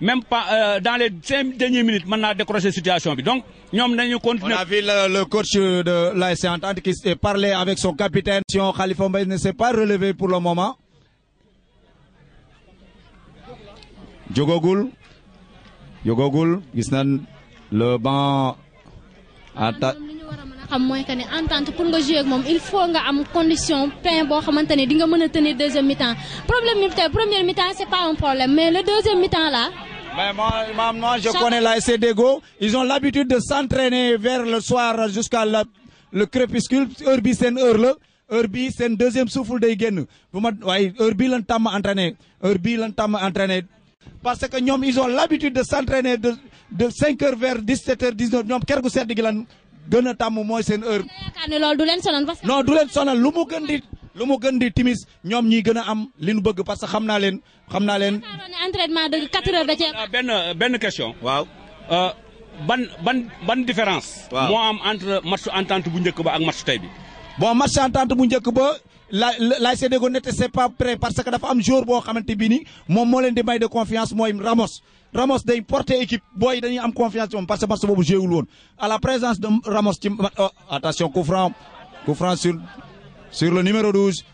même pas euh, dans les cinq dernières minutes, a décroché situation. Donc, nous avons On a vu le, coach de la Entente qui s'est parlé avec son capitaine. Si Khalifa Mbaye ne s'est pas relevé pour le moment. Djogogoul, Djogogoul, le banc. Il faut que entente pour nga jouer ak il faut nga am condition plein bo le di nga meuna tenir deuxième mi-temps problème mi premier mi-temps c'est pas un problème mais le deuxième mi-temps là. Mais moi, moi, je connais la SCDGO. Ils ont l'habitude de s'entraîner vers le soir jusqu'à le crépuscule. Heure c'est seen heure là heure bi le deuxième souffle de guen bu ma waaye heure bi lan de entraîner heure bi lan entraîner. parce que ils ont l'habitude de s'entraîner de de 5 h vers 17 h 19 ñom kër gu lan. gën a tàmm mooy seen heure. loolu du leen sonal parce que. du leen sonal lu mu gën di lu mu timis ñoom ñi gën a am li nu bëgg parce que xam naa leen xam naa leen. entraînement de 4 heures da cee. Euh, benn euh, benn question. waaw. Euh, ban ban ban différence. waaw moo am entre match entente bu njëkk ba ak match tey bi. bon match entente bu njëkk ba la la CDG n'était pas prêt parce que dafa am jour boo xamante bi ni moom moo leen di may de confiance mooy Ramos. Ramos day porter équipe boy dañuy am confiance parce que à la présence de Ramos oh, attention coup franc sur le numéro 12.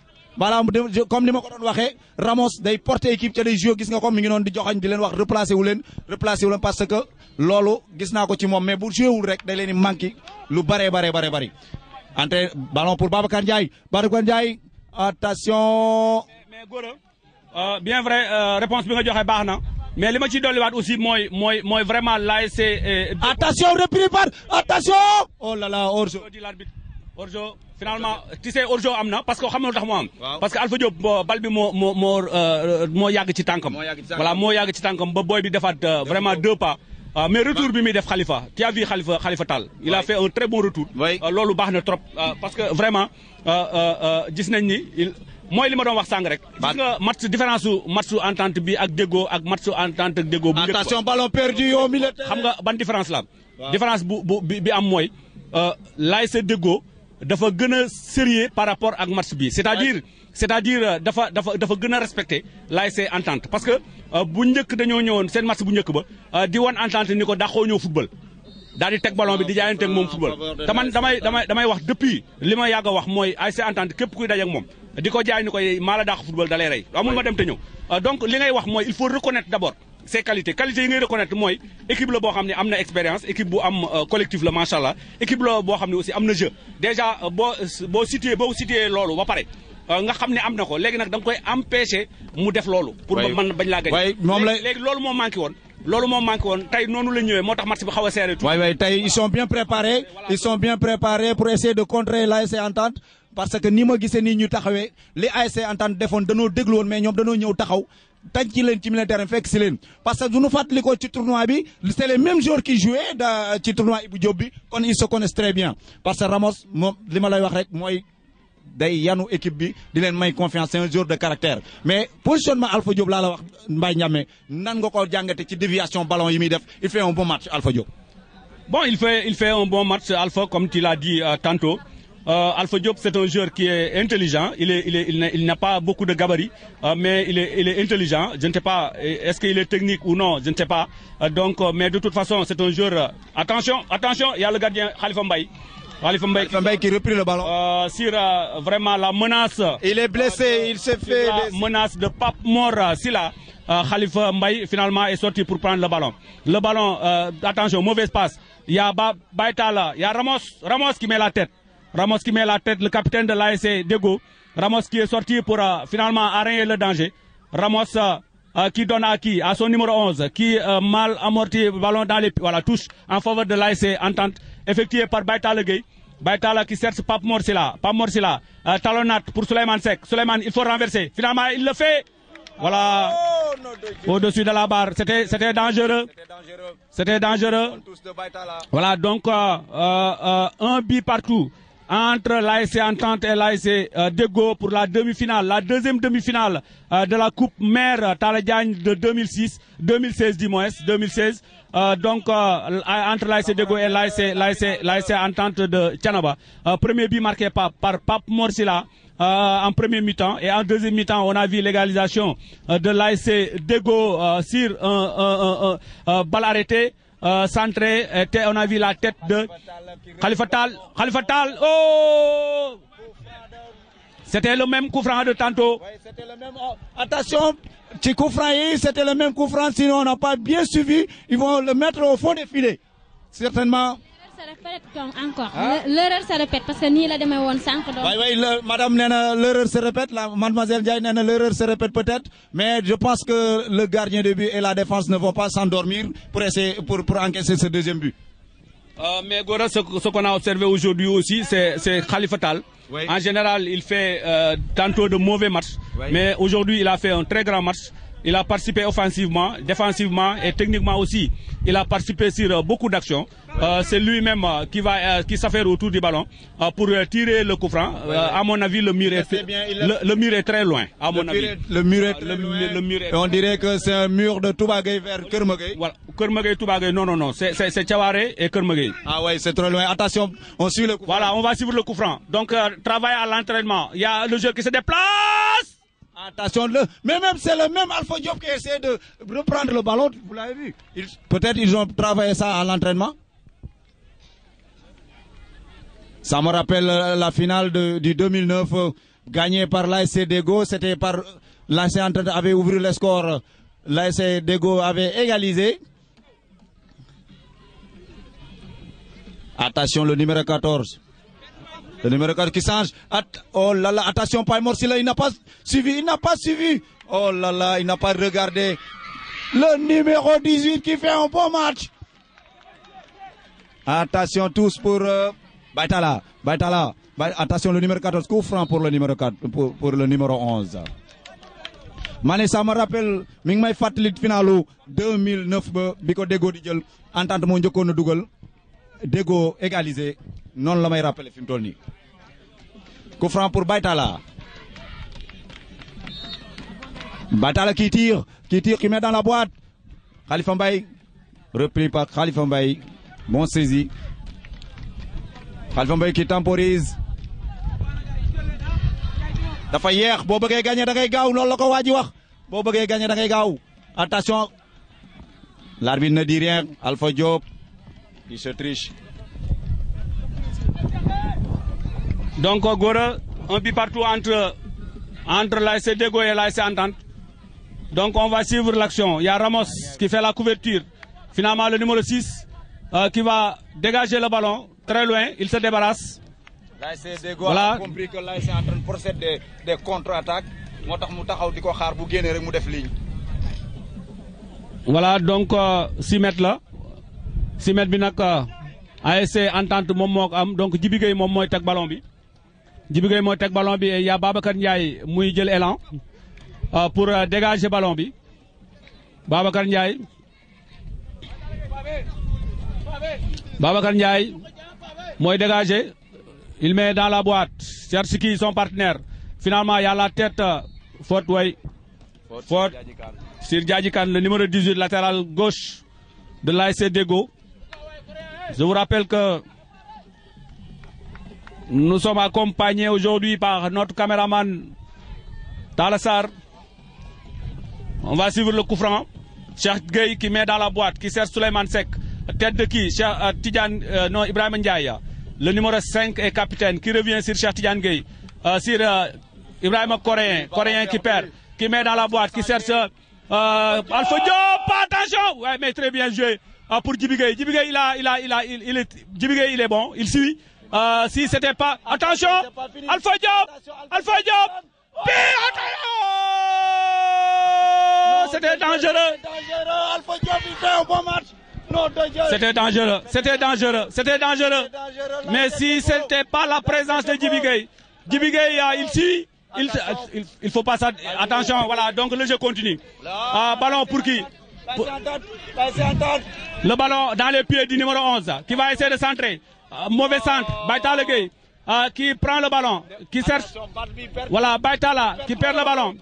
comme nima ko Ramos day porter équipe ci les joueurs nga ko di di wax parce que Lolo gis naa ci mom mais bu jéwul rek day lu baré baré baré ballon pour Babacar attention. Euh, bien vrai euh, réponse bi nga mais les matchs euh, de aussi moi, vraiment, là, vraiment attention repris par attention. oh là là Orjo. Orjo finalement tu sais Orjo parce que parce que Alpha Diop bal bi vraiment deux pas. Ah, mais retour ah. bi Khalifa il a fait un très bon retour. Ah, trop parce que vraiment disney euh, euh, il. mooy li ma doon wax sàng rek. gis nga match différence su bi ak déggoo ak match su entente ak déggoo. bu njëkk attention ballon perdu yow xam nga ban différence la am. différence bu bu bi am mooy euh, laay sa déggoo dafa gën a sérieux par rapport ak match bi c'est-à-dire c'est-à-dire euh, dafa dafa dafa gën a respecté laay see entente parce que euh, bu njëkk dañoo ñëwoon seen match bu njëkk ba di woon entente ni ko daxoo ñëw football. daal di teg ballon bi di jaayanteeg moom football ah, te man damay damay damay wax depuis li ma yàgg a wax mooy ASC Entente képp kuy dajeeg moom di ko jaay ni football da ray amul ma dem te ñew euh, donc li ngay wax moy il faut reconnaître d'abord ses qualités qualités yi ngay reconnaître moy équipe la bo xamni amna expérience équipe bu am euh, collectif la machallah équipe la bo xamni aussi amna jeu déjà euh, bo bo situé bo situé lolu ba pare nga xamni ne am na ko léegi nag da koy empêcher mu def lolu pour man bañ la gañ moom la léegi loolu moo manqué woon loolu moo manqué woon tey noonu la ñëwé motax match bi xawa serré tout way way tay ils sont bien préparés ils sont bien préparés pour essayer de contrer l'AS Entente parce que ni ma gisee les ñu taxawé li ASC Entente defoon nous déglu woon mais ñom danoo ñëw taxaw ci leen ci militaire terrain fekk si leen parce que nous ñu fàttali ci tournoi bi c'est les mêmes joueurs qui jouaient dans ci tournoi Ibou Diop bi kon ils se connaissent très bien parce que Ramos mom li ma lay wax rek moy day yanu équipe bi di leen may confiance c'est un joueur de caractère mais positionnement Alpha Diop la la wax Mbaye Niamé nan nga ko jàngate ci déviation ballon yi def il fait un bon match Alpha Diop. bon il fait il fait un bon match Alpha comme tu l'as dit euh, tantôt. Euh, Alpha Diop, c'est un joueur qui est intelligent. Il, est, il, n'a pas beaucoup de gabarit, euh, mais il est, intelligent. Je ne sais pas, euh, est-ce qu'il est technique ou non, je ne sais pas. donc, mais de toute façon, c'est un joueur. attention, attention, il y a le gardien Khalifa Mbaye. Khalifa Mbaye, qui, reprit le ballon. sur vraiment la menace. Il est blessé, il s'est fait. La menace de Pape mort, Si Khalifa Mbaye finalement est sorti pour prendre le ballon. Le ballon, attention, mauvais passe. Il y a il y a Ramos, Ramos qui met la tête. Ramos qui met la tête, le capitaine de l'ASC Dego. Ramos qui est sorti pour euh, finalement arrêter le danger. Ramos euh, euh, qui donne à qui À son numéro 11, qui mal amorti le ballon dans les voilà, touche en faveur de l'ASC Entente, effectuée par Baïta Legay. qui cherche Pape Morsila. Pape Morsila. Euh, pour Suleiman Sek. Suleiman, il faut renverser. Finalement, il le fait. Voilà. Au-dessus de la barre. C'était, c'était dangereux. C'était dangereux. Voilà, donc un but partout entre l'ASC Entente et l'ASC euh, Dego pour la demi-finale, la deuxième demi-finale euh, de la Coupe Mère euh, taladiane de 2006, 2016 du moins, 2016. donc entre l'ASC Dego et l'ASC Entente de Tchanaba. premier but marqué par, par Pape Morsila. en premier mi-temps et en deuxième mi-temps on a vu l'égalisation de l'AIC Dego sur un, un, un, un, bal arrêté euh, centré. Euh, on a vu la tête de Khalifa Tal. Khalifa Tal. Oh C'était le même coup de tantôt. Oui, le même. Oh, attention, petit coup c'était le même coup Sinon, on n'a pas bien suivi. Ils vont le mettre au fond des filets. Certainement se répète encore. Ah. l'erreur se répète parce que ni la on ne sait oui, oui, madame nee l'erreur se répète la mademoiselle Ndiaye l'erreur se répète peut-être mais je pense que le gardien de but et la défense ne vont pas s'endormir pour pour pour encaisser ce deuxième but. Euh, mais Gora, ce, qu'on a observé aujourd'hui aussi, c'est Khalifa Tal. En général, il fait euh, tantôt de mauvais matchs, mais aujourd'hui, il a fait un très grand match. Il a participé offensivement, défensivement et techniquement aussi. Il a participé sur euh, beaucoup d'actions. Euh, c'est lui-même euh, qui va euh, qui s'affaire autour du ballon pour tirer le coup franc. à mon avis, le mur est, le, mur est très loin. À mon avis, le mur est, ah, le, mur on dirait que c'est un mur de Toubagay vers Kermagay. Voilà, Kermagay, non, non, non, c'est c'est Tchawaré et Kermagay. Ah ouais, c'est trop loin. Attention, on suit le coup. Voilà, on va suivre le coup franc. Donc travail à l'entraînement. Il y a le jeu qui se déplace. Attention, le, mais même c'est le même Alpha Diop qui essaie de reprendre le ballon, vous l'avez vu. Peut-être ils ont travaillé ça à l'entraînement. Ça me rappelle euh, la finale de, du 2009, euh, gagnée par l'ASC Dego. C'était par euh, l'ASC avait ouvert le score. L'ASC Dego avait égalisé. Attention, le numéro 14. Le numéro 4 qui change. oh là là, attention, pas Morsi là, il n'a pas suivi. Il n'a pas suivi. Oh là là, il n'a pas regardé. Le numéro 18 qui fait un bon match. Attention tous pour Baytala, euh, Baitala. Attention, le numéro 14, coup pour le numéro 4, pour, le numéro 11. Mané, ça me rappelle, Mingmay fat final 2009, Biko Dego Dijel, entente mon Djoko Dougal, Dego égalisé, non, la may rappelé le film Tony. coup franc pour Baytala Baytala qui tire qui tire qui met dans la boîte Khalifa Mbaye repris par Khalifa Mbaye bon saisi Khalifa Mbaye qui temporise Il a hier. hier. gagné da ngay gaw loolu la ko waa wax bo beugé gagné da attention l'arbitre ne dit rien Alpha Diop il se triche donc Gora un vit partout entre entre la et l'ICD Entente donc on va suivre l'action il y a Ramos qui fait la couverture finalement le numéro 6 euh, qui va dégager le ballon très loin il se débarrasse voilà. a compris que train de procéder des, des contre-attaques voilà donc 6 euh, mètres là 6 mètres bien nag euh, ASC entente mom am donc Djibi mon mot tek teg ballon bi Djibi Gueye ballon bi y a Babacar Ndiaye muy jël élan euh, pour euh, dégager ballon bi Babacar Ndiaye Babacar Ndiaye moy dégager il met dans la boîte qui son partenaire finalement il y a la tête euh, Fort way Fort sur le numéro 18 latéral gauche de l'ASC Dego je vous rappelle que nous sommes accompagnés aujourd'hui par notre caméraman Talassar. On va suivre le coup franc. Cheikh Gueye qui met dans la boîte, qui sert Suleiman Sek. Tête de qui Cheikh euh, euh, non, Ibrahim Ndiaye. Le numéro 5 est capitaine, qui revient sur Cheikh Tidjan Gueye. Euh, sur Ibrahim Coréen, Coréen qui perd, qui met dans la boîte, qui sert Alpha Diop, attention Ouais, mais très bien joué euh, pour Djibigay. Djibigay, il, a, il, a, il, a, il, il est, Djibigay, il est bon, il suit. Euh, si c'était pas... Attention Alpha Diop Alpha Diop C'était dangereux Alpha il fait un bon match c'était dangereux, c'était dangereux, c'était dangereux. Mais si ce n'était pas la présence de Djibigay, Djibigay, il suit, il, il, faut pas ça. Attention, voilà, donc le jeu continue. Ah, ballon pour qui le ballon dans les pieds du numéro 11 qui va essayer de centrer. Euh, mauvais centre. Baita le euh, qui prend le ballon. Qui cherche. Voilà, Baïta là qui perd le ballon.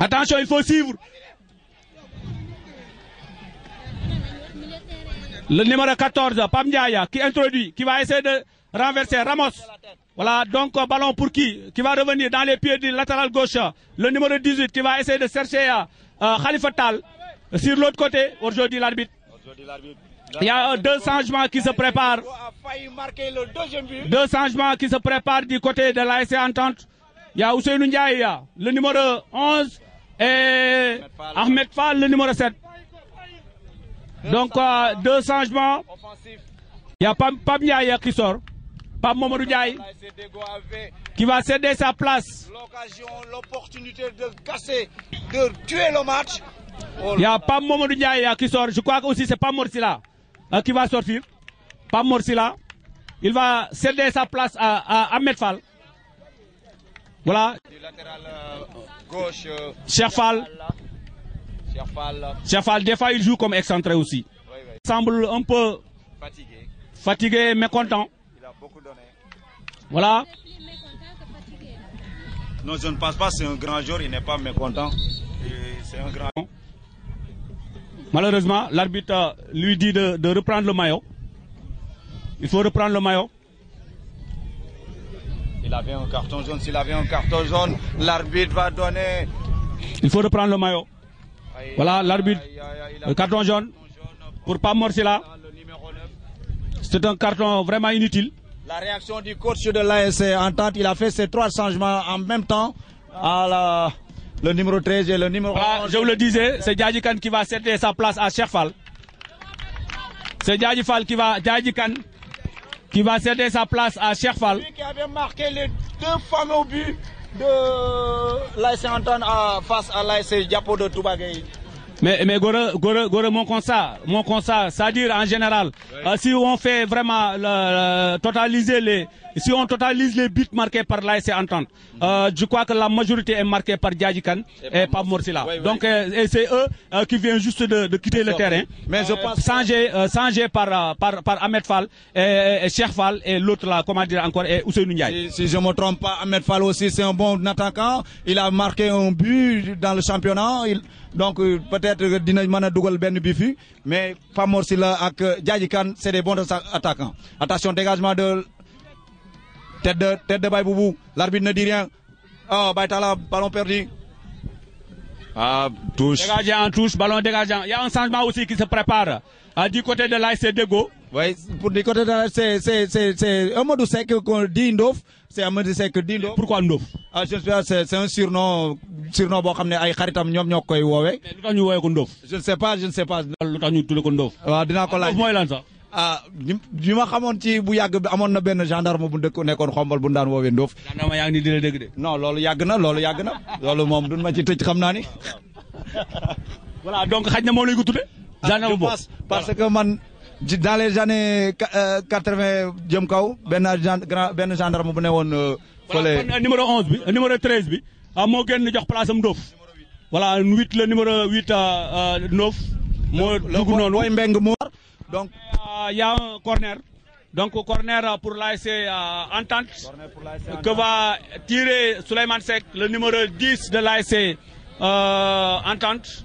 Attention, il faut suivre. Le numéro 14, Pamdiaya, qui introduit, qui va essayer de renverser Ramos. Voilà, donc euh, ballon pour qui Qui va revenir dans les pieds du latéral gauche. Le numéro 18 qui va essayer de chercher euh, euh Khalifa Tal. Sur l'autre côté, aujourd'hui l'arbitre. Il y a euh, deux changements qui se préparent. Deux changements qui se préparent du côté de l'ASC Entente. Il y a Ousseinou Ndiaye, le numéro 11, et Ahmed Fall, le numéro 7. Donc, deux changements. Il y a Pam, qui sort. Pas Mamadou Diaye, qui va céder sa place. L'occasion, l'opportunité de casser, de tuer le match. Oh il y a pas Mamadou Diaye euh, qui sort. Je crois que aussi c'est pas Morsila euh, qui va sortir. Pas Morsila, il va céder sa place à, à Ahmed Fall. Voilà. Du latéral euh, gauche. des fois il joue comme excentré aussi. Il semble un peu fatigué, fatigué content. Voilà. Non, je ne pense pas, c'est un grand jour, il n'est pas mécontent. C'est un grand Malheureusement, l'arbitre lui dit de, reprendre le maillot. Il faut reprendre le maillot. Il avait un carton jaune. S'il avait un carton jaune, l'arbitre va donner. Il faut reprendre le maillot. voilà l'arbitre. Le carton jaune. Pour pas morcer là. C'est un carton vraiment inutile. La réaction du coach de l'ASC en tant il a fait ces trois changements en même temps à la, le numéro 13 et le numéro ah, Je vous le disais, c'est Djadjikan qui va céder sa place à Sherfal. C'est Djadjikan qui va qui va céder sa place à Chefal. Lui qui avait marqué les deux fameux buts de l'ASC Antoine face à l'ASC Diapo de Toubagay. Mais, mais Gore, Gore, mon constat, mon constat, c'est-à-dire en général, euh, si on fait vraiment le, totaliser les, si on totalise les buts marqués par là, Entente, mhm. euh, je crois que la majorité est marquée par Djadikan eh ben, et, par Morsila. Donc euh, c'est eux euh, qui viennent juste de, de quitter le terrain. Mais je pense par, par, par Ahmed Fall et, Cheikh Fall et l'autre là, comment dire encore, et Ndiaye. Si, si, je me trompe pas, Ahmed Fall aussi c'est un bon attaquant. Il a marqué un but dans le championnat. Il donc euh, peut-être que Dinah a Ben bi mais pas Mor avec ak euh, c'est des bons attaquants attention dégagement de tête de tête de l'arbitre ne dit rien Oh, Baye ballon perdu ah touche dégagé en touche ballon dégageant il y a un changement aussi qui se prépare euh, du côté de l'AS Dego Ouais, pour du côté de c'est c'est c'est c'est Amadou Sek qu'on dit Ndof, c'est Amadou Sek dit Ndof. Pourquoi Ndof Ah je sais c'est un surnom surnom bon comme ne ay xaritam ñoom ñoo koy woowee. mais lu tax ñu ko Ndof. je ne sais pas je ne sais pas. lu tax ñu tuddee ko Ndof. waaw ah, dinaa ko laaj ah ñu xamone ci bu yag amone na ben gendarme bu dëkk nekkoon xombal bu daan wowe Ndof. gendarme yaa ngi nii di de. non loolu yag na loolu yag na loolu mom duñ ma ci tëj xamna ni. voilà donc xajna mo lay lañ ko tuddee. Ah, gendarme parce que man dans les années 80 djom ben grand ben gendarme bu euh, Le euh, numéro 11 bi euh, numéro 13 bi ah mo genn jox voilà le numéro 8 9 donc il ah, y a un corner donc corner pour l'ASC entente qui que va tirer Souleymane Sek le numéro 10 de laisser entente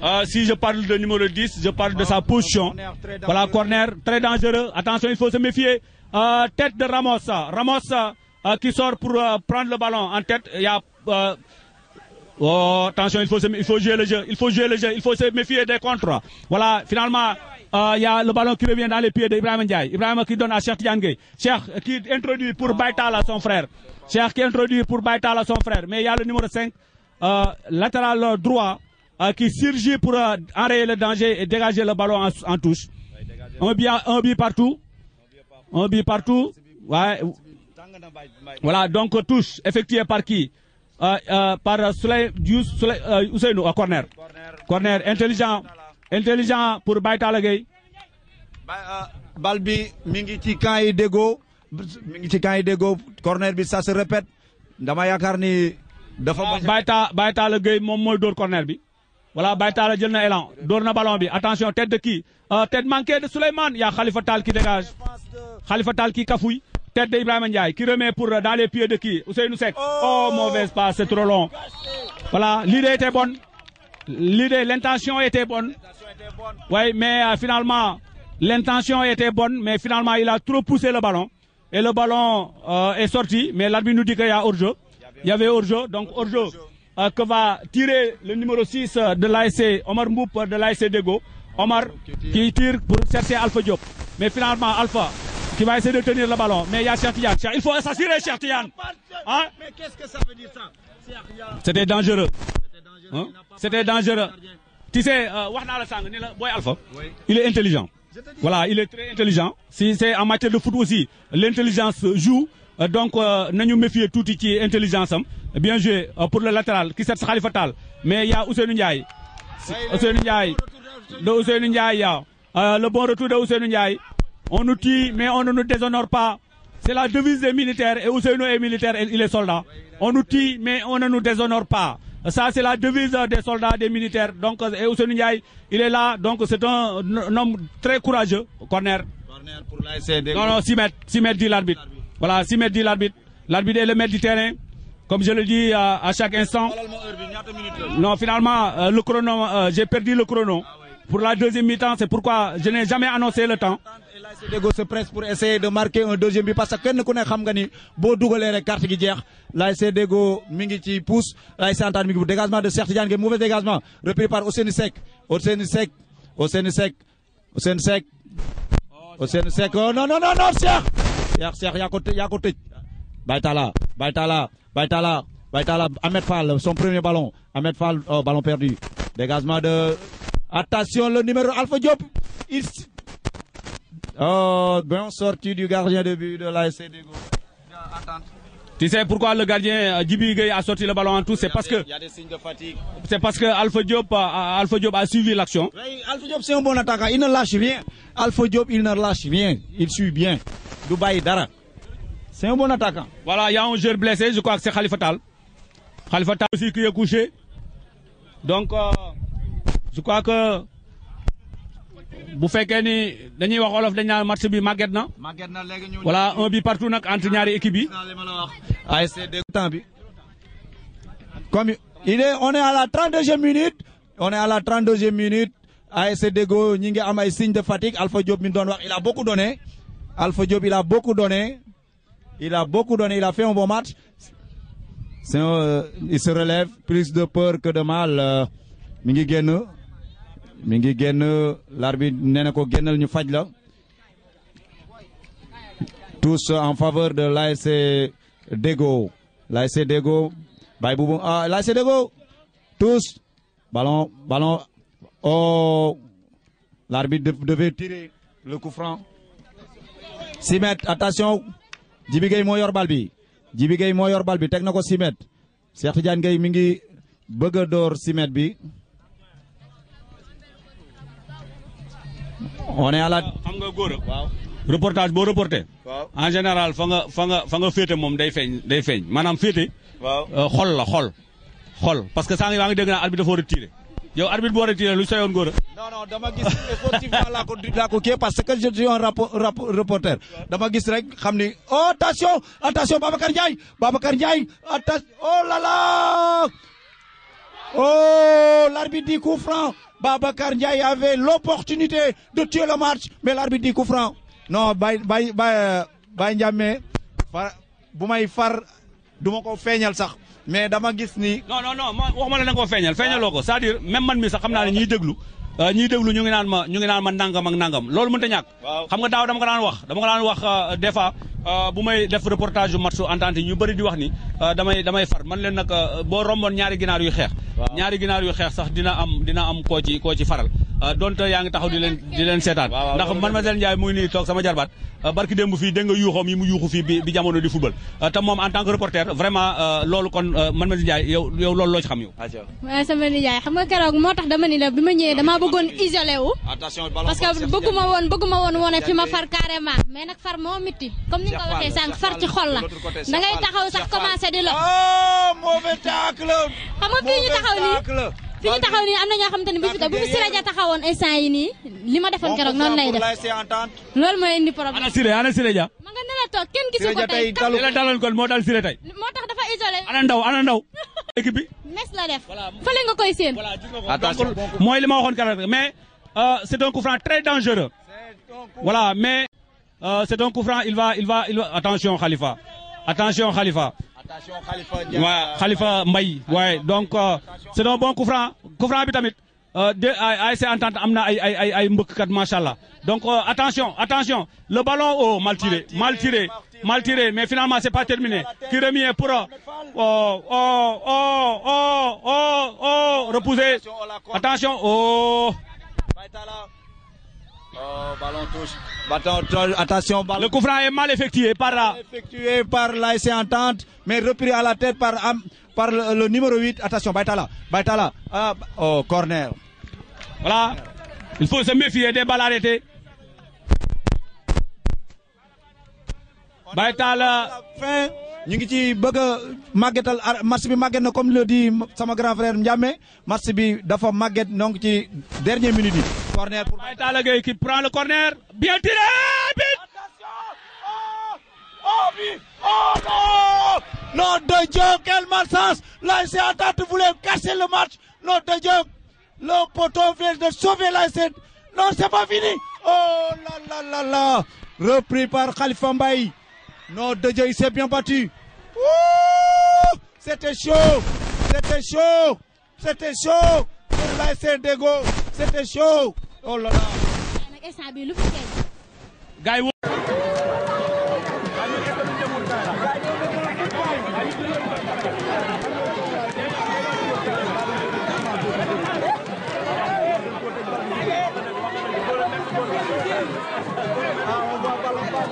ah, si je parle de numéro 10, je parle de sa ah, position. Voilà, corner très dangereux. Attention, il faut se méfier. Euh, tête de Ramos. Ramos qui sort pour prendre le ballon en tête. Il y a, oh, attention, il faut, se, il faut jouer le jeu. Il faut jouer le jeu. Il faut se méfier des contrats. Voilà, finalement, il y a le ballon qui revient dans les pieds d'Ibrahim Ndiaye. Ibrahim qui donne à Cheikh Cher Cheikh euh, qui introduit pour à son frère. Cheikh qui introduit pour à son frère. Mais il y a le numéro 5, latéral droit. Ah, qui surgit pour euh, arrêter le danger et dégager le ballon en, touche. Un but, partout. Un but partout. Voilà, donc touche effectuée par qui euh, euh Par Soleil, Soleil euh, euh corner. Corner, intelligent. Intelligent pour Baïta Lagay. Balbi, Mingiti, Tikan et Dego. Mingi et corner, ça se répète. Dama Yakarni. Baïta mon mot corner. Bi. Voilà, Baïtala j'ai na élan. Dorna ballon Attention, tête de qui euh, Tête manquée de Suleiman. Il y a Khalifa Tal qui dégage. Khalifa Tal qui cafouille. Tête d'Ibrahim Ndiaye qui remet pour euh, dans les pieds de qui nous Sek. Oh, mauvaise passe, c'est trop long. Voilà, l'idée était bonne. L'idée, l'intention était bonne. Oui, mais euh, finalement, l'intention était bonne, mais finalement, il a trop poussé le ballon. Et le ballon est sorti, mais l'arbitre nous dit qu'il y a Orjo. Il y avait Orjo, donc Orjo. Euh, que va tirer le numéro 6 euh, de l'ASC, Omar Mboup euh, de l'ASC Dego. Omar qui tire pour chercher Alpha Diop. Mais finalement, Alpha qui va essayer de tenir le ballon. Mais il y a Chertian. Il faut assassiner Chertian. Hein? Mais qu'est-ce que ça veut dire ça C'était dangereux. C'était dangereux. Hein? Tu sais, Boy Alpha, il est intelligent. Voilà, il est très intelligent. Si c'est en matière de foot aussi, l'intelligence joue. Donc, nous nous méfions tout ce qui est intelligence. Eh bien joué euh, pour le latéral qui s'est Khalifa Tal. Mais il y a Ousseynou Ndiaye. Ousseynou Ndiaye. de Ndiaye. Ah. Euh, le bon retour de Ousseynou Ndiaye. On nous tue, mais on ne nous déshonore pas. C'est la devise des militaires. Et Ousseynou est militaire, et il est soldat. On nous tue, mais on ne nous déshonore pas. Ça, c'est la devise des soldats, des militaires. Donc, euh, et Ousseynou Ndiaye, il est là. Donc, c'est un, homme très courageux. Corner. Corner pour l'ASD. Non, non, 6 mètres. 6 mètres dit l'arbitre. Voilà, 6 mètres dit l'arbitre. L'arbitre est le maître du terrain comme je le dis à chaque instant. Non, finalement, euh, le chrono, euh, j'ai perdu le chrono. Ah pour la deuxième mi-temps, c'est pourquoi je n'ai jamais annoncé le temps. Dego se presse pour essayer de marquer un deuxième but parce que nous connaissons ne xam nga ni boo dugalee rek carte gi Là, c'est Dego pousse l'ASC Antar un dégagement de Cheikh Tidiane mauvais dégagement repris par Ousseynou Seck Ousseynou Seck Ousseynou Seck Seck oh non non non non non, Cheikh Cheikh yaa Baitala, Ahmed Fall, son premier ballon. Ahmed Fall, oh, ballon perdu. Dégagement de. Attention, le numéro Alpha Diop. Il... Oh, bien sorti du gardien de but de l'ASC Dego. Tu sais pourquoi le gardien euh, Djibi Gueye a sorti le ballon en tout C'est parce que. Il y a des signes de fatigue. C'est parce que Alpha Diop, Alpha Diop a suivi l'action. Alpha Diop, c'est un bon attaquant. Il ne lâche rien. Alpha Diop, il ne lâche rien. Il suit bien. Dubaï Dara. C'est un bon attaquant. Voilà, il y a un joueur blessé, je crois que c'est Khalifa Tal. Khalifa Tal aussi qui est couché. Donc, euh, je crois que bu faites ni match voilà un bi partout entre ñaari équipe Kibi. comme il est on est à la 32e minute. on est à la 32e minute. ASC Deggo ñi ngi signe de fatigue Alpha Diop il a beaucoup donné. Alpha Diop il a beaucoup donné. Il a beaucoup donné, il a fait un bon match. Euh, il se relève, plus de peur que de mal. Euh, Mingi ngi Mingi l'arbitre nee na génnal tous en faveur de l'ASC Dego l'ASC Dego bye ah l'ASC Dego tous ballon ballon oh l'arbitre devait tirer le coup franc 6 mètres attention Jibi Gueye moo yor bal bi Jibi Gueye moo yor bal bi teg na ko 6 mètres Cheikh Tidiane Gueye mi ngi bëgg a door 6 bi. on est à xam nga góor waaw boo reporté. waaw en général fa nga fa nga fa nga féete moom day feeñ day feeñ maanaam féete. waaw euh, xool la xool xol parce que saa ngi maa ngi dégg naa arbitre bi dafa war tiire yow arbitre bu là, a lu sa est non non dama gis effectivement la ko laa ko parce que je suis un reporter dama gis rek xamni oh attention attention Babacar Ndiaye Babacar Ndiaye attention oh là là oh l'arbitre dit coup franc Babacar Ndiaye avait l'opportunité de tuer le match mais l'arbitre dit coup franc non Baye Baye Baye Ndiame bu may far duma ko sax mais dama gis ni. non non non wax la da nga koo feeñal feeñaloo ko c'est-à-dire même man mi sax xam naa ne ñiy déglu. Euh, ñiy déglu ñu ngi naan ma ñu ngi naan ma nangam nàngam loolu mënut a ñàkk. xam nga daaw dama nga daan wax dama ko wax euh, des fois euh, bu may def reportage yu match entente ñu bëri di wax ni damay damay far man leen nag boo romboon ñaari ginaar yu xeex. ñaari ginaar yu xeex sax dina am dina am koo ci koo ci faral. donte yaa ngi taxaw di leen di leen seetaan ndax man ma seen mooy nii toog sama jarbat uh, barki démb fii dégg nga yuuxoom yi mu yuuxu fii bi bi jamono di football te moom en tant que reporter vraiment uh, loolu kon man ma seen yow yow loolu loo ci xam yow. sama ni jaay xam nga keroog moo tax dama ni la bi ma dama bëggoon isolé wu. parce que bëgguma woon bëgguma woon wone fi ma far carrément mais nag far moo miti comme ni nga waxee sànq far ci xol la da ngay taxaw sax commencé di lo. oh mauvais tacle. xam nga fii ñu taxaw nii. fi ñu taxaw nii am na ñoo ne bu fi bu fi taxawoon instant yi nii li ma defoon keroog noonu lay def loolu mooy indi problème. ana Siré ana Siré Dia. ma nga toog kenn gisu ko tey tey la daloon kon moo dal Siré tey. moo tax dafa isolé. ana ndaw ana ndaw. équipe bi. la def fële nga koy séen. mooy li ma waxoon keroog mais euh, c' est un très dangereux. voilà mais euh, c' est un il va il va attention Khalifa attention Khalifa. waaw Khalifa Mbaye waaye donc euh, c'est un bon coufran. coufran bi tamit euh, de Entente am ay ay ay donc euh, attention attention le ballon oh mal tiré mal tiré mal tiré mais finalement c'est pas terminé qui est pour oh oh oh oh oh oh, oh repoussé attention oh Oh, ballon touche. Attention, Le coup franc est mal effectué par là. Effectué par en Entente, mais repris à la tête par, par le, numéro 8. Attention, Baitala. Baitala. Ah, oh, corner. Voilà. Il faut se méfier des balles arrêtées. Baitala. Fin ñu ngi ci bëgg a màggetal match bi màgget na comme le dit sama grand frère Ndiamé match bi dafa màgget donc ci dernière minute yi. corner pour Maïta Talla Gueye qui prend le corner. bien tiré Attention oh Oh non oh, non oh, oh, de Dieu quel malchance a tenté voulait casser le match non de Dieu le poteau vient de sauver l'ASC non c'est pas fini oh là là là là repris par Khalifa Mbaye non, Dieu, il s'est bien battu. C'était chaud. C'était chaud. C'était chaud. C'était chaud. Oh là là.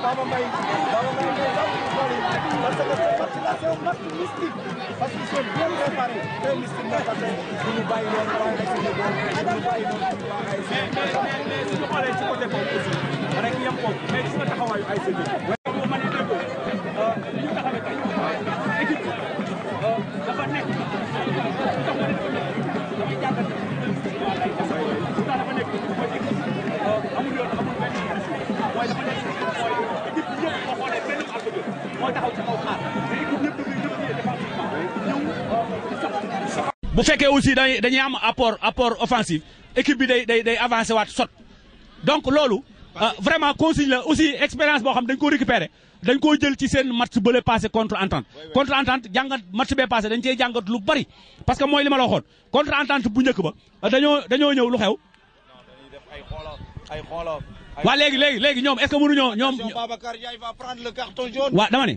Baba Mbaye Baba Mbaye ngay daal parce que ce match là c'est un match mystique parce qu'ils sont bien préparés très mystique la parce que suñu bàyyi noonu waa ASC Ndegeul suñu bàyyi noonu waa ASC mais mais mais suñu xoolee ci côté boobu aussi rek yem foofu mais gis nga taxawaayu ASC bi bu fekkee aussi day dañuy am apport apport offensif équipe bi day day day avancé waat sot donc loolu euh, vraiment consigne la aussi expérience boo xam dañ koo récupéré dañ koo jël ci seen match bële passé contre entente contre entente jàngat match bee passé dañ cee jàngat lu bari parce que mooy li la waxoon contre entente bu njëkk ba euh, dañoo dañoo ñëw lu xew waa léegi léegi léegi ñoom est ce que mënuñoo ñoom waa dama ne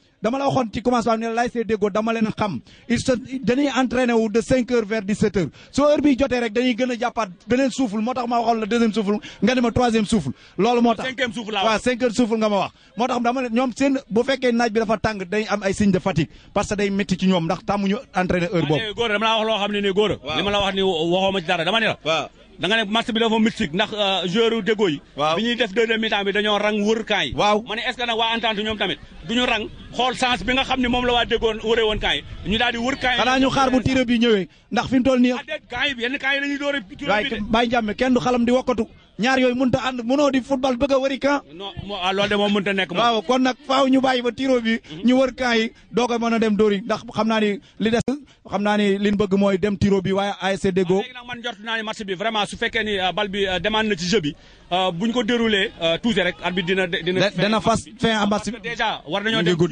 dama la waxoon ci commencement bi ne laay see déggoo dama leen xam il se wu de 5 heures vers 17 heures soo heure bi jotee rek dañuy gën a jàppaat beneen souffle moo tax ma waxoon la deuxième souffle nga ne ma troisième souffle loolu moo tax cinquième souffle waaw cinquième souffle nga ma wax moo tax dama leen ñoom seen bu fekkee naaj bi dafa tàng day am ay signe de fatigue parce que day métti ci ñoom ndax tàmmuñu entraîné heure boobu góor dama la wax loo xam ne nii góor li ma la bi dafa mystique ndax euh, joueur ne est-ce xool sance bi nga xam ne moom la waa déggoon wëree woon kaay ñu daal di wër kaay xanaa ñu xaar bu tiré bi ñëwee ndax fi mu toll nii ah, kaay bi kenn du xalam di wokkatu ñaar yooyu mënut a ànd mënoo di football bëgg a wëri camp non ah, de moom mënut a nekk waaw kon nag faaw ñu bàyyi ba tiro bi mhm. ñu wër camp yi doo ko a dem dóor yi ndax xam naa ni li des xam naa ni liñ bëgg mooy dem tiro bi waaye ASC Deggo ah, léegi naa ni match bi vraiment su fekkee ni ko déroulé tuuti rek arbitre dina dina dina fas fin à match bi war nañoo dem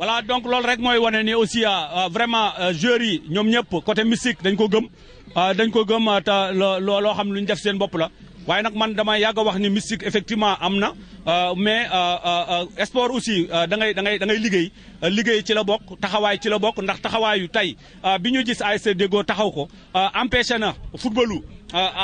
voilà donc loolu rek moy wane ni aussi euh, euh, vraiment euh, joueurs yi ñoom côté musique, dañ ko gëm dañ ko gëm lo lo xam luñ def seen bop la waaye nag man dama yàgg wax ni mystique effectivement am na euh, mais euh, euh, sport aussi da ngay da ngay da ngay liggéey liggéey ci la bokk taxawaay ci la bokk ndax taxawaayu tey bi ñu gis ASC Déggoo taxaw ko empêché na footballu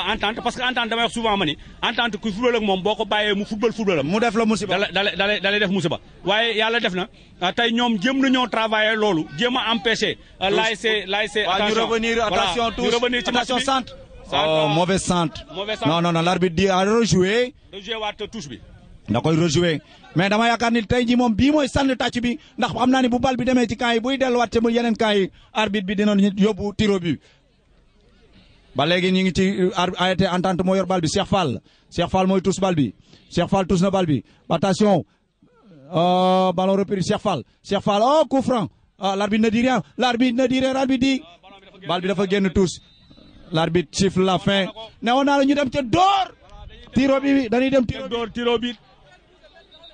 entente parce que entente damay wax souvent ma ni entente ku football moom boo ko bàyyee mu football football am. mu def la musiba da da da lay def musiba. waaye yàlla def na tey ñoom jéem nañoo travailler loolu jéem a empêché. l'ASC l'ASC attention waaw ñu revenir attention tous Oh mauvais centre. non non non l'arbitre dit à ah, rejouer. rejouer waat touche bi. rejouer mais dama yaakaar ni tey jii moom bii mooy sànni tàcc bi ndax xam naa ni bu bal bi demee ci camp yi buy delluwaat ci yeneen camp yi arbitre bi dina yobu tiro bi. ba léegi ñu ngi ci ART e entente moo yor bal bi Cheikh Fall Cheikh Fall mooy touche bal bi Cheikh Fall touche na bi oh, ballon repris Cheikh Fall Cheikh Fall oh coup franc ah l'arbitre ne dit rien l'arbitre ne dit rien l'arbitre dit ah, balbi bi dafa génn touche. l'arbitre siffle la fin ne woon naa la ñu dem ca door tiro bi dañuy dem tiro door tiro bi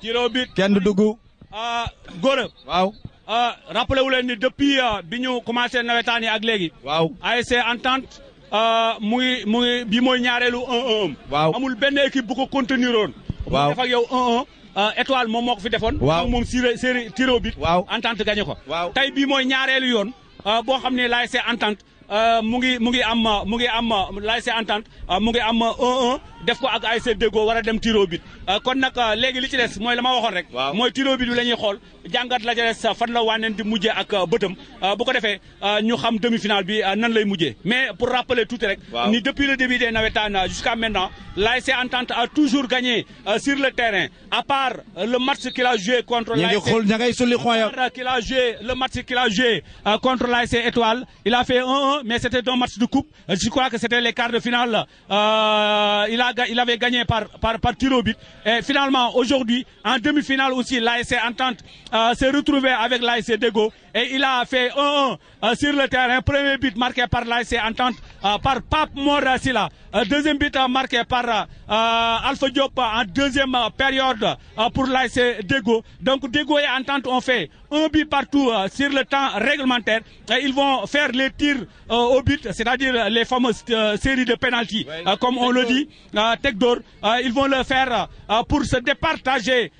tiro bi kenn du dugg ah, góora waaw ah, rappelé wu leen ni depuis ah, bi ñu commencé nawetaan ak léegi waaw ASC Entente mu mu ngi bi mooy ñaareelu 1-1 waaw amul benn équipe bu ko contenir woon waaw def ak yow 1-1 moom moo ko fi waaw moom siré série tiro bi waaw Entente gagné ko waaw mooy ñaareelu yoon boo xam ne l'ASC Entente Euh, mu ngi mu ngi am mu ngi am laissez-entendre euh, mu ngi am 1 def ko ak ASC Dego, wara dem tiro bit euh, kon Quand euh, léegi li ci dess moy lama ma rek moy tiro bit bi la xol jangat la ca des euh, fan la wanen di mujjé ak beutem bu ko défé ñu xam demi-finale bi nan lay mujjé mais pour rappeler tout, rek ni depuis le début des nawetana jusqu'à maintenant l'ASC Entente a toujours gagné sur le terrain à part le match qu'il a joué contre l'ASC qu'il a joué le match qu'il a joué contre Étoile il a fait 1-1 mais c'était un match de coupe je crois que c'était les quarts de finale il a il avait gagné par, par, par Et finalement, aujourd'hui, en demi-finale aussi, l'ASC Entente euh, s'est retrouvé avec l'ASC Dego et il a fait 1-1 euh, sur le terrain. Premier but marqué par l'IC Entente, euh, par Pape Morasila. Euh, deuxième but marqué par Alpha Diop en deuxième période pour l'IC Dego. Donc Dego et Entente ont fait un but partout sur le temps réglementaire. ils vont faire les tirs au but, c'est-à-dire les fameuses séries de pénalty, comme on le dit, Dor ils vont le faire pour se départager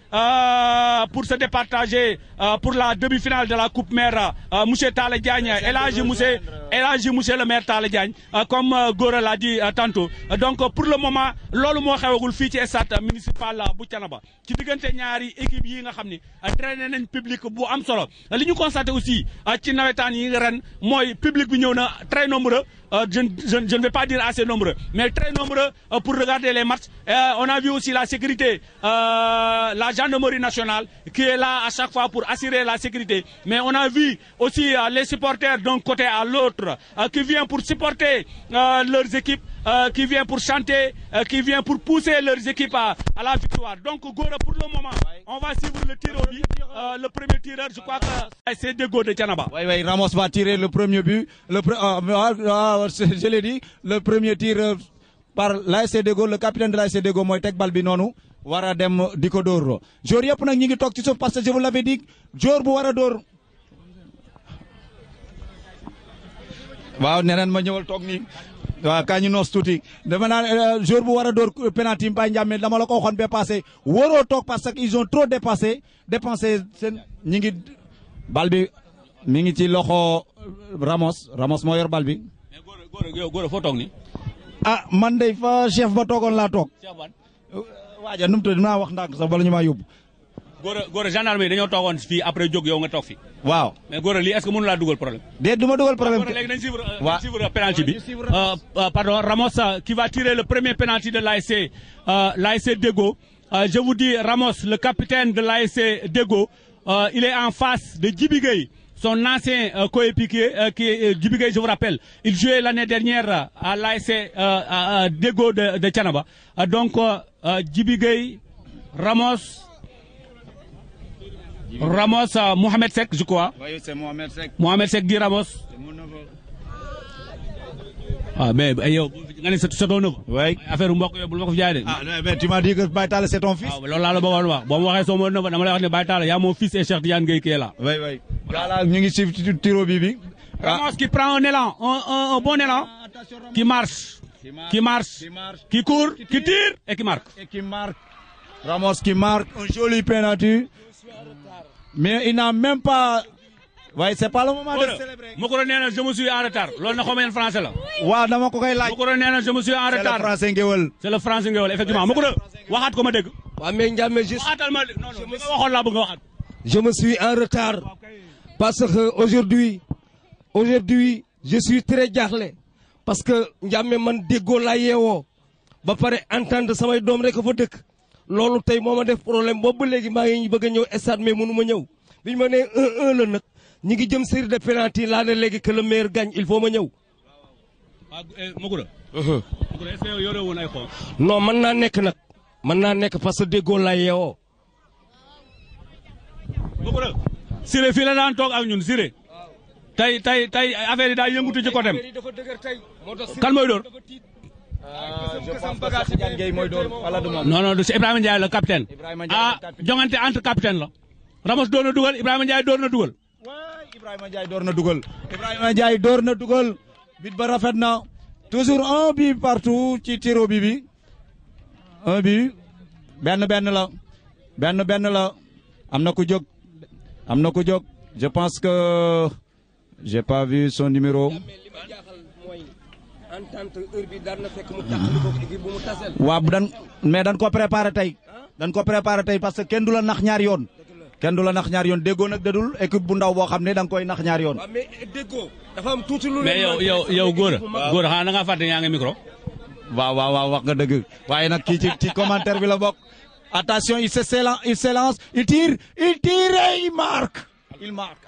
pour se départager pour la demi-finale de la Coupe Mère. Moucheta Gagne Elage Moussé, Elage Moussé le maire Talla euh, comme euh, Gora l'a dit euh, tantôt. Donc pour le moment, loolu moo xewagul fii ci stade municipal bu Thiénaba ci diggante ñaari équipe yi nga xam ni traîné nañ public bu am solo li ñu constaté aussi ci nawetaan yi ren mooy public bi ñëw na très nombreux. je, ne vais pas dire assez nombreux, mais très nombreux pour regarder les matchs. on a vu aussi la sécurité, la gendarmerie nationale qui est là à chaque fois pour assurer la sécurité. Mais on a vu aussi les supporters d'un côté à l'autre, euh, qui vient pour supporter euh, leurs équipes, euh, qui vient pour chanter, qui vient pour pousser leurs équipes à, la victoire. Donc Gora, pour le moment, on va suivre le tir le premier tireur, je crois que c'est Go de Tianaba. Oui, oui, Ramos va tirer le premier but. Le ah, ah, je l'ai dit, le premier tir par l'ASC Go, le capitaine de l'ASC de Moïtek Balbinonu, Waradem Dikodoro. noonu war a dem di je vous l'avais dit jour bu waaw neneen ma ñëwal toog nii waaw kaa ñu noos tuuti dama naan euh, jour bu war a door penalty Mbaye dama la ko waxoon ba passé waroo toog parce que ils ont trop dépassé dépensé seen ñi ngi bal bi mi ngi ci loxo euh, Ramos Ramos moo yor bal bi. toog nii. ah man de fa chef ba toogoon laa toog. Euh, waaja nu mu naa wax ndànk sax bala ñu maa yóbbu. góor a góor a gendarme yi dañoo toogoon après jog yow nga tok fi waaw mais góor li est ce que mënu la dougal problème déet du dougal problème léegi nañ suivre euh, nañ suivre penalty bi euh, euh, pardon Ramos qui va tirer le premier penalty de l'ASC l'ASC Dego euh, je vous dis Ramos le capitaine de l'ASC Dego euh, il est en face de Djibigay son ancien euh, coéquipier, euh, qui est euh, je vous rappelle, il jouait l'année dernière à l'ASC Dego de, de Tchanaba. donc, Djibigay, Ramos, Ramos euh, Mohamed Sek, je crois. Oui, c'est Mohamed Sek. Mohamed Sek dit Ramos. C'est mon neveu. Ah, mais eh, c'est ton neveu. Oui. Affaire Mbok, Ah, mais tu m'as dit que Baïtale, c'est ton fils. Ah, là, là, bon, bon, bon, c'est mon neveu. Je vais Baïtale, il y a mon fils et Cheikh Diane Gueye qui est là. Oui, oui. Voilà, nous sommes sur Tiro Bibi. Ah. Ramos qui prend un élan, un, un, un bon élan, ah, qui marche, qui marche, qui court, qui tire et qui marque. Et qui marque. Ramos qui marque, un joli penalty mais il n'a même pas. Ouais, c'est pas le moment de célébrer. Mokoro nee je me suis en retard loolu na xaw ma français là? waaw dama ko koy laaj. Mokoro nee je me suis en retard c'est le français ngéwël. c'est le français ngéwël effectivement Mokoro waxaat ko ma dégg. waaw mais Ndiame juste waxaatal ma dégg non non li nga waxoon laa bëgg nga waxaat. je me suis en retard ah, parce que aujourd'hui aujourd'hui je suis très jaaxle parce que Ndiame man déggoo laa yeewoo ba pare entendre samay doom rek fa dëkk. loolu tey moo ma def problème boobu ba léegi maa ngi bëgg a ñëw stade mais mënu ma ñëw bi ñu ma nee 1-1 nag ñi ngi jëm série de penalty laa ne léegi que le il foo ma ñëw. ah Maguda. Maguda mën naa nekk nag mën naa nekk parce que déggoo laa yeewoo. Maguda. fii la daan toog ak ñun Siré. tey tey tey affaire yi daal yëngutu ci côté am. kan mooy doon. Euh, je pense que mooy doon wala du moom. non non du si Ibrahima Ndiaye la capitaine. ah jongante entre capitaine la. Ramos doon na dugal Ibrahima Ndiaye door na dugal. waay Ibrahima Ndiaye door na dugal. door na dugal. bit ba rafet na toujours un bi partout ci tiro bi bi un bi benn benn la benn benn la am na ku jóg am na ku jóg je pense que j'ai pas vu son numéro. waaw dan mais ko préparé tay dan ko préparé tay parce que kenn du la nax ñaar yoon kenn du la nax ñaar yoon déggoo nag dadul équipe bu ndaw boo xam ne da koy nax ñaar yoon mais eh, yow yow yow góor góor xanaa da ngaa fàtte yaa ngi micro waaw waaw waaw wax nga dëgg waaye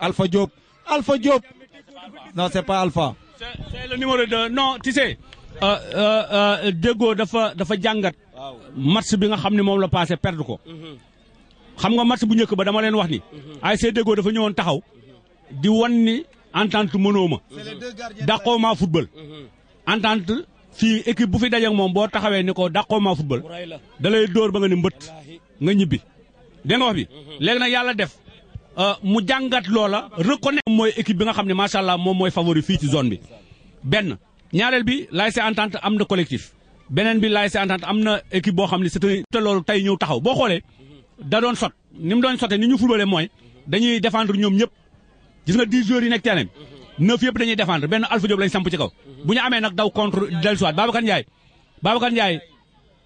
alpha diop alpha diop non c'est pas alpha c'est le numéro 2 non tu sais euh, euh, euh, déggoo dafa dafa jàngat. match bi nga xam ne moom la passé perdu ko. Mm-hmm. xam nga match bu njëkk ba dama leen wax ni. Mm-hmm. ASC déggoo dafa ñëwoon taxaw. Mm-hmm. di wan ni entente mënoo ma. dàqoo maa football. entente fii équipe bu fi dajeek moom boo taxawee ni ko dàqoo maa football. da lay dóor ba nga ni mbët nga ñibbi. dégg nga wax bi léegi nag yàlla def. Euh, mu jàngat loola reconnaître mooy équipe bi nga xam ne macha allah moom mooy favori fii ci zone bi benn ñaareel bi l'ASC Entente am na collectif beneen bi l'ASC Entente am na équipe boo xam ne c'est te loolu tey ñëw taxaw boo xoolee da doon sot ni doon sottee ni ñu footballé mooy dañuy défendre ñoom ñëpp gis nga 10 joueurs yi nekk terrain neuf yëpp dañuy défendre benn Alpha Diop lañ samp ci kaw bu ñu amee nag daw contre del soit Babacar Ndiaye Babacar Ndiaye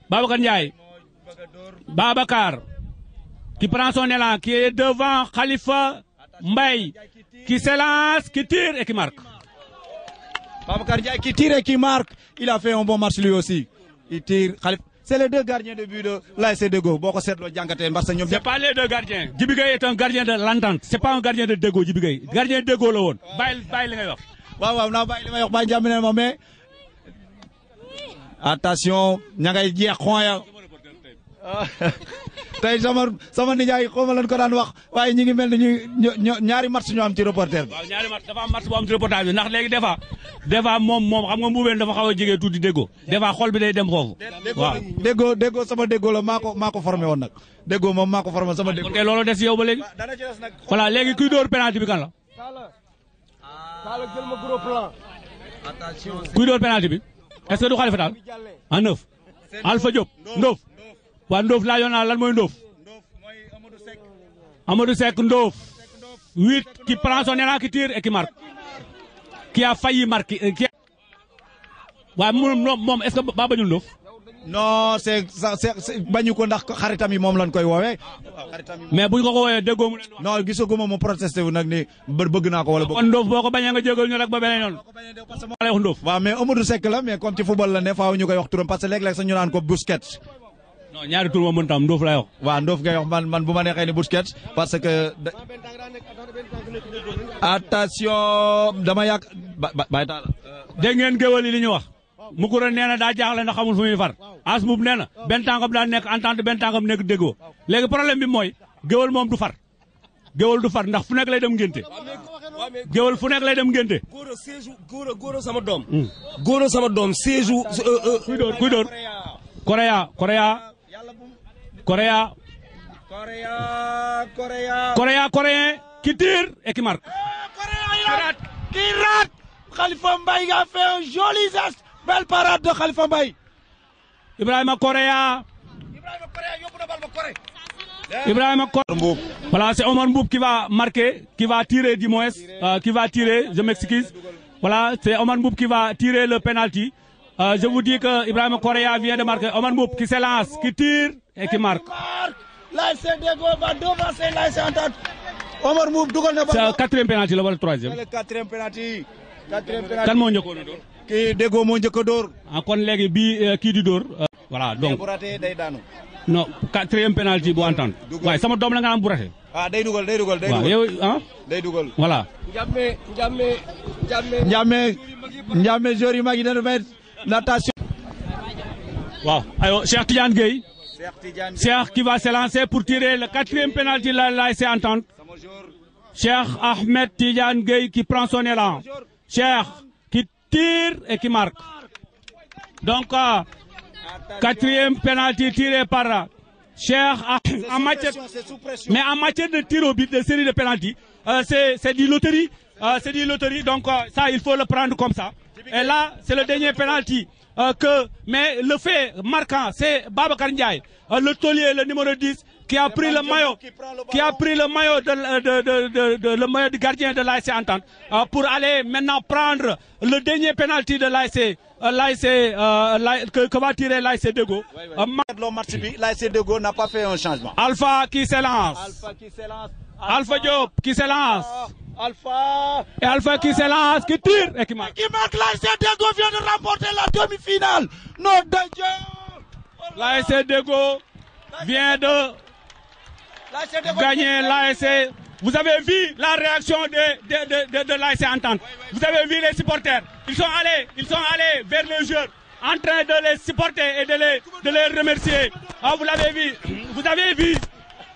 Babacar Babacar qui prend son élan, qui est devant Khalifa Mbaye, qui s'élance, qui tire et qui marque. Babacar qui tire et qui marque, il a fait un bon match lui aussi. Il tire, C'est les deux gardiens de but de l'ASC Dego. Boko C'est pas les deux gardiens. Djibigay est un gardien de l'entente. C'est pas un gardien de Dego Djibigay. Gardien de Dego le haut. Bail bail ngay wax. Waaw waaw na bail may wax Attention, ñangay jeex tey sama sama nijaay xaw ma leen ko daan wax waaye ñi ngi mel ni ñu ñaari match ñoo am ci reporter bi. waaw ñaari match dafa am match bu am ci reporter bi ndax léegi des fois des fois moom moom xam nga mbuubeen dafa xaw a jege tuuti déggoo des fois xol bi day dem foofu. waaw déggoo déggoo sama déggoo la maa ko maa ko formé woon nag déggoo moom maa ko formé sama déggoo. ok loolu des yow ba léegi. Ah, voilà léegi kuy dóor penalty bi kan la. kuy dóor penalty bi est-ce que du Khalifa Tall en ah, neuf Alpha Diop Ndof. waa Ndof laa yoon naa lan mooy Ndof. Ndof mooy Amadou Seck. Amadou Seck Ndof. huit qui prend son élan qui tire et qui marque. qui a failli marquer. Euh, qui a... waaye moom moom moom est ce que baa Ndof. non c' est c' ko ndax xaritam yi lañ koy woowee. mais buñ ko ko woowee déggoo mu leen. non gisaguma mu protesté wu nag ni bëgg naa ko wala bëgg. kon Ndof boo ko bañee nga jégalu ñu rek ba beneen yoon. parce que moo ko Ndof. waaw mais Amadou Seck la mais comme ci football la ne faaw ñu koy wax turam parce que léeg-léeg sax ñu naan ko busquets non ñaari tour mo mën tam ndof lay wax wa ndof ngay wax man man buma nexé ni busquets parce que attention dama yak bay ta de ngeen geewali li ñu wax mu ko ron neena da jaxle na xamul fu muy far as mu neena ben tangam da nek entente ben tangam nek deggo legi problème bi moy geewal mom du far geewal du far ndax fu nek lay dem ngenté geewal fu nek lay dem ngenté goro séjou goro goro sama dom goro sama dom séjou euh euh kuy dor kuy dor korea korea Correa. Correa, Correa. Correa, Coréen, qui tire et eh, qui marque. Coréa, il rate. Qui rate. Khalifa Mbaye a fait un joli geste. Belle parade de Khalifa Mbaye. Ibrahim Correa. Ibrahim Correa, il balle Voilà, c'est Oman Boub qui va marquer, qui va tirer du moins, euh, qui va tirer, je m'excuse. Voilà, c'est Oman Boub qui va tirer le penalty. Euh, je vous dis que Ibrahima Correa vient de marquer Omar Mboup qui s'élance qui tire et qui marque. l'ASC Deggo va devancer l'ASC Entente Omar na. sa quatrième penalty la wala troisième. wala kan moo njëkkoon njëkk a ah, kon léegi bi euh, kii di dóor. Euh, voilà donc bu ratee day daanu. non quatrième penalty bu Entente. waaye sama doom la nga am bu ratee. ah day dugal day dugal. day dugal waaw yow ah? yu mag yi Natation. Waouh, Cheikh Gueye. qui va se lancer pour tirer le quatrième pénalty de c'est Entente. Cher Ahmed Tidiane Gueye qui prend son élan. Cher qui tire et qui marque. Donc, euh, quatrième pénalty tiré par euh, Cher Ahmed. mais en matière de tir au but, de série de pénalty, euh, c'est du loterie. c'est du loterie, donc ça, il faut le prendre comme ça. Et là, c'est le dernier penalty. Euh, que, mais le fait marquant, c'est Baba Ndiaye, euh, le taulier, le numéro 10, qui a pris le maillot, qui, a pris le maillot de, le maillot du gardien de l'AC Entente, euh, pour aller maintenant prendre le dernier penalty de l'AC euh, euh, que, va tirer l'ASC Dego. Go euh, le match Dego n'a pas fait un changement. Alpha qui s'élance. Alpha qui s'élance. Alpha, Alpha Diop qui s'élance. Alpha. Et Alpha qui s'élance, qui tire et qui marque. qui marque, Dego vient de remporter la demi-finale. Notre de Dieu. de vient de gagner l'ASC vous avez vu la réaction de, de, de, de, de Entente. Vous avez vu les supporters. Ils sont allés, ils sont allés vers le jeu en train de les supporter et de les, de les remercier. Ah, vous l'avez vu. Vous avez vu.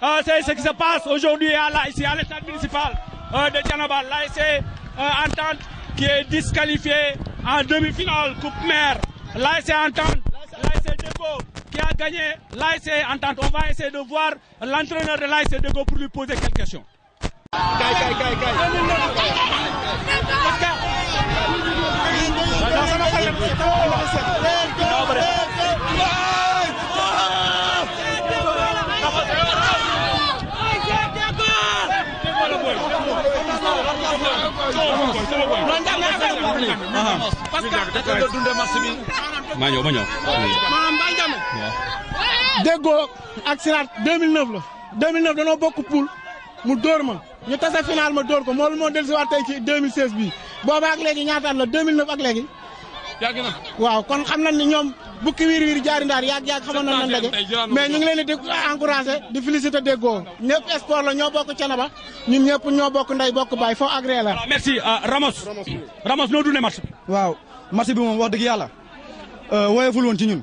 Ah, c'est ce qui se passe aujourd'hui à ici à l'état municipal euh, de Tianaba. L'IC Entente euh, qui est disqualifié en demi-finale Coupe Mère. L'IC Entente, l'IC Dégo qui a gagné l'IC Entente. On va essayer de voir l'entraîneur de l'IC Dégo pour lui poser quelques questions. Kay kay kay kay. parce que da dundee marché ak Siraat 2009 la. 2009 bokk poul mu dóor ma. ñu tase final ma dóor ko moom moo dellusiwaat tey ci 2016 bii booba ak léegi ñaata at la waaw kon xam nañ ni ñoom bukki wiir wiir jaari ndaar yàgg yàgg xamoon mais ñu ngi leen di encouragé di félicité déggoo ñëpp sport la ñoo bokk Thiénaba ñun ñëpp ñoo bokk ndey bokk baay foo agréé la. merci euh, Ramos. Ramos noo dundee match bi. waaw match bi moom wax dëgg yàlla euh, woyeful woon ci ñun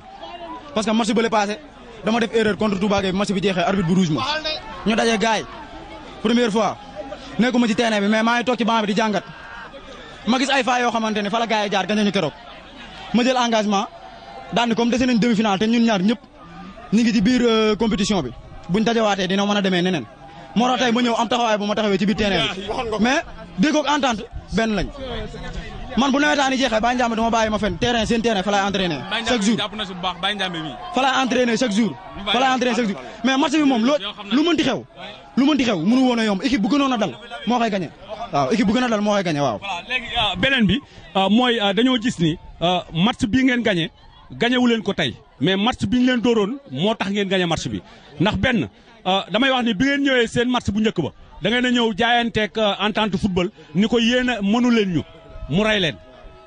parce que match bële passé dama def erreur contre Touba Gueye match bi jeexee arbitre bu rouge ñu daje gaay première fois. nekkuma ci terrain bi mais maa ngi toog ci banc bi di jàngat ma ay faa yoo xamante ne fa la gars yi jaar gañ ñu keroog ma jël engagement daal ni comme dese nañ te ñun ñaar ñëpp ñu ngi ci biir euh, compétition bi buñ dajawaatee dina man a demee neneen moo tax tey am taxawaay bu ma taxawee ci biir terrain bi mais déggoog entente benn lañ man bu nawetaani jeexee Baye Ndiambe du ma bàyyi ma fen terrain seen terrain fa lay entraîner. chaque jour jàpp na su baax Baye Ndiambe mii. fa lay entraîner chaque jour. fa lay entraîner chaque jour mais marché bi moom lo lu mënti xew. lu mënti xew mënu woon a yomb équipe bu gënoon a dal moo koy gagné waaw équipe bu gën a dal moo koy gagné waaw. voilà léegi euh, beneen bi euh, mooy euh, dañoo gis ni match bi ngeen gagné gagné wu leen ko tey mais match bi ñu leen dooroon moo tax ngeen gagné match bi ndax benn damay wax ni bi ngeen ñëwee seen match bu njëkk ba da ngeen a ñëw jaayanteeg entente football ni ko yéen a mënu leen ñu. mu leen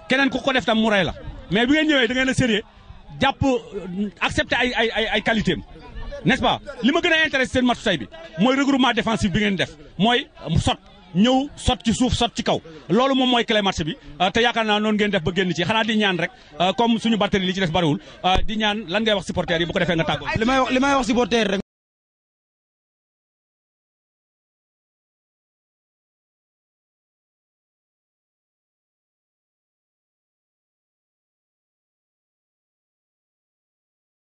keneen ku ko def tam mu rey la mais bi ngeen ñëwee da ngeen a sérieux jàpp accepter ay ay ay ay qualité ce pas li ma gën a intéressé seen match tey bi mooy regroupement défensif bi ngeen def mooy sot ñëw sot ci suuf sot ci kaw loolu moom mooy clé match bi euh, te yaakaar naa noonu ngeen def ba génn ci xanaa di ñaan rek euh, comme suñu batterie li ci def bariwul euh, di ñaan lan ngay wax supporters yi bu ko defee nga tàggoo. li may wax li may wax supporters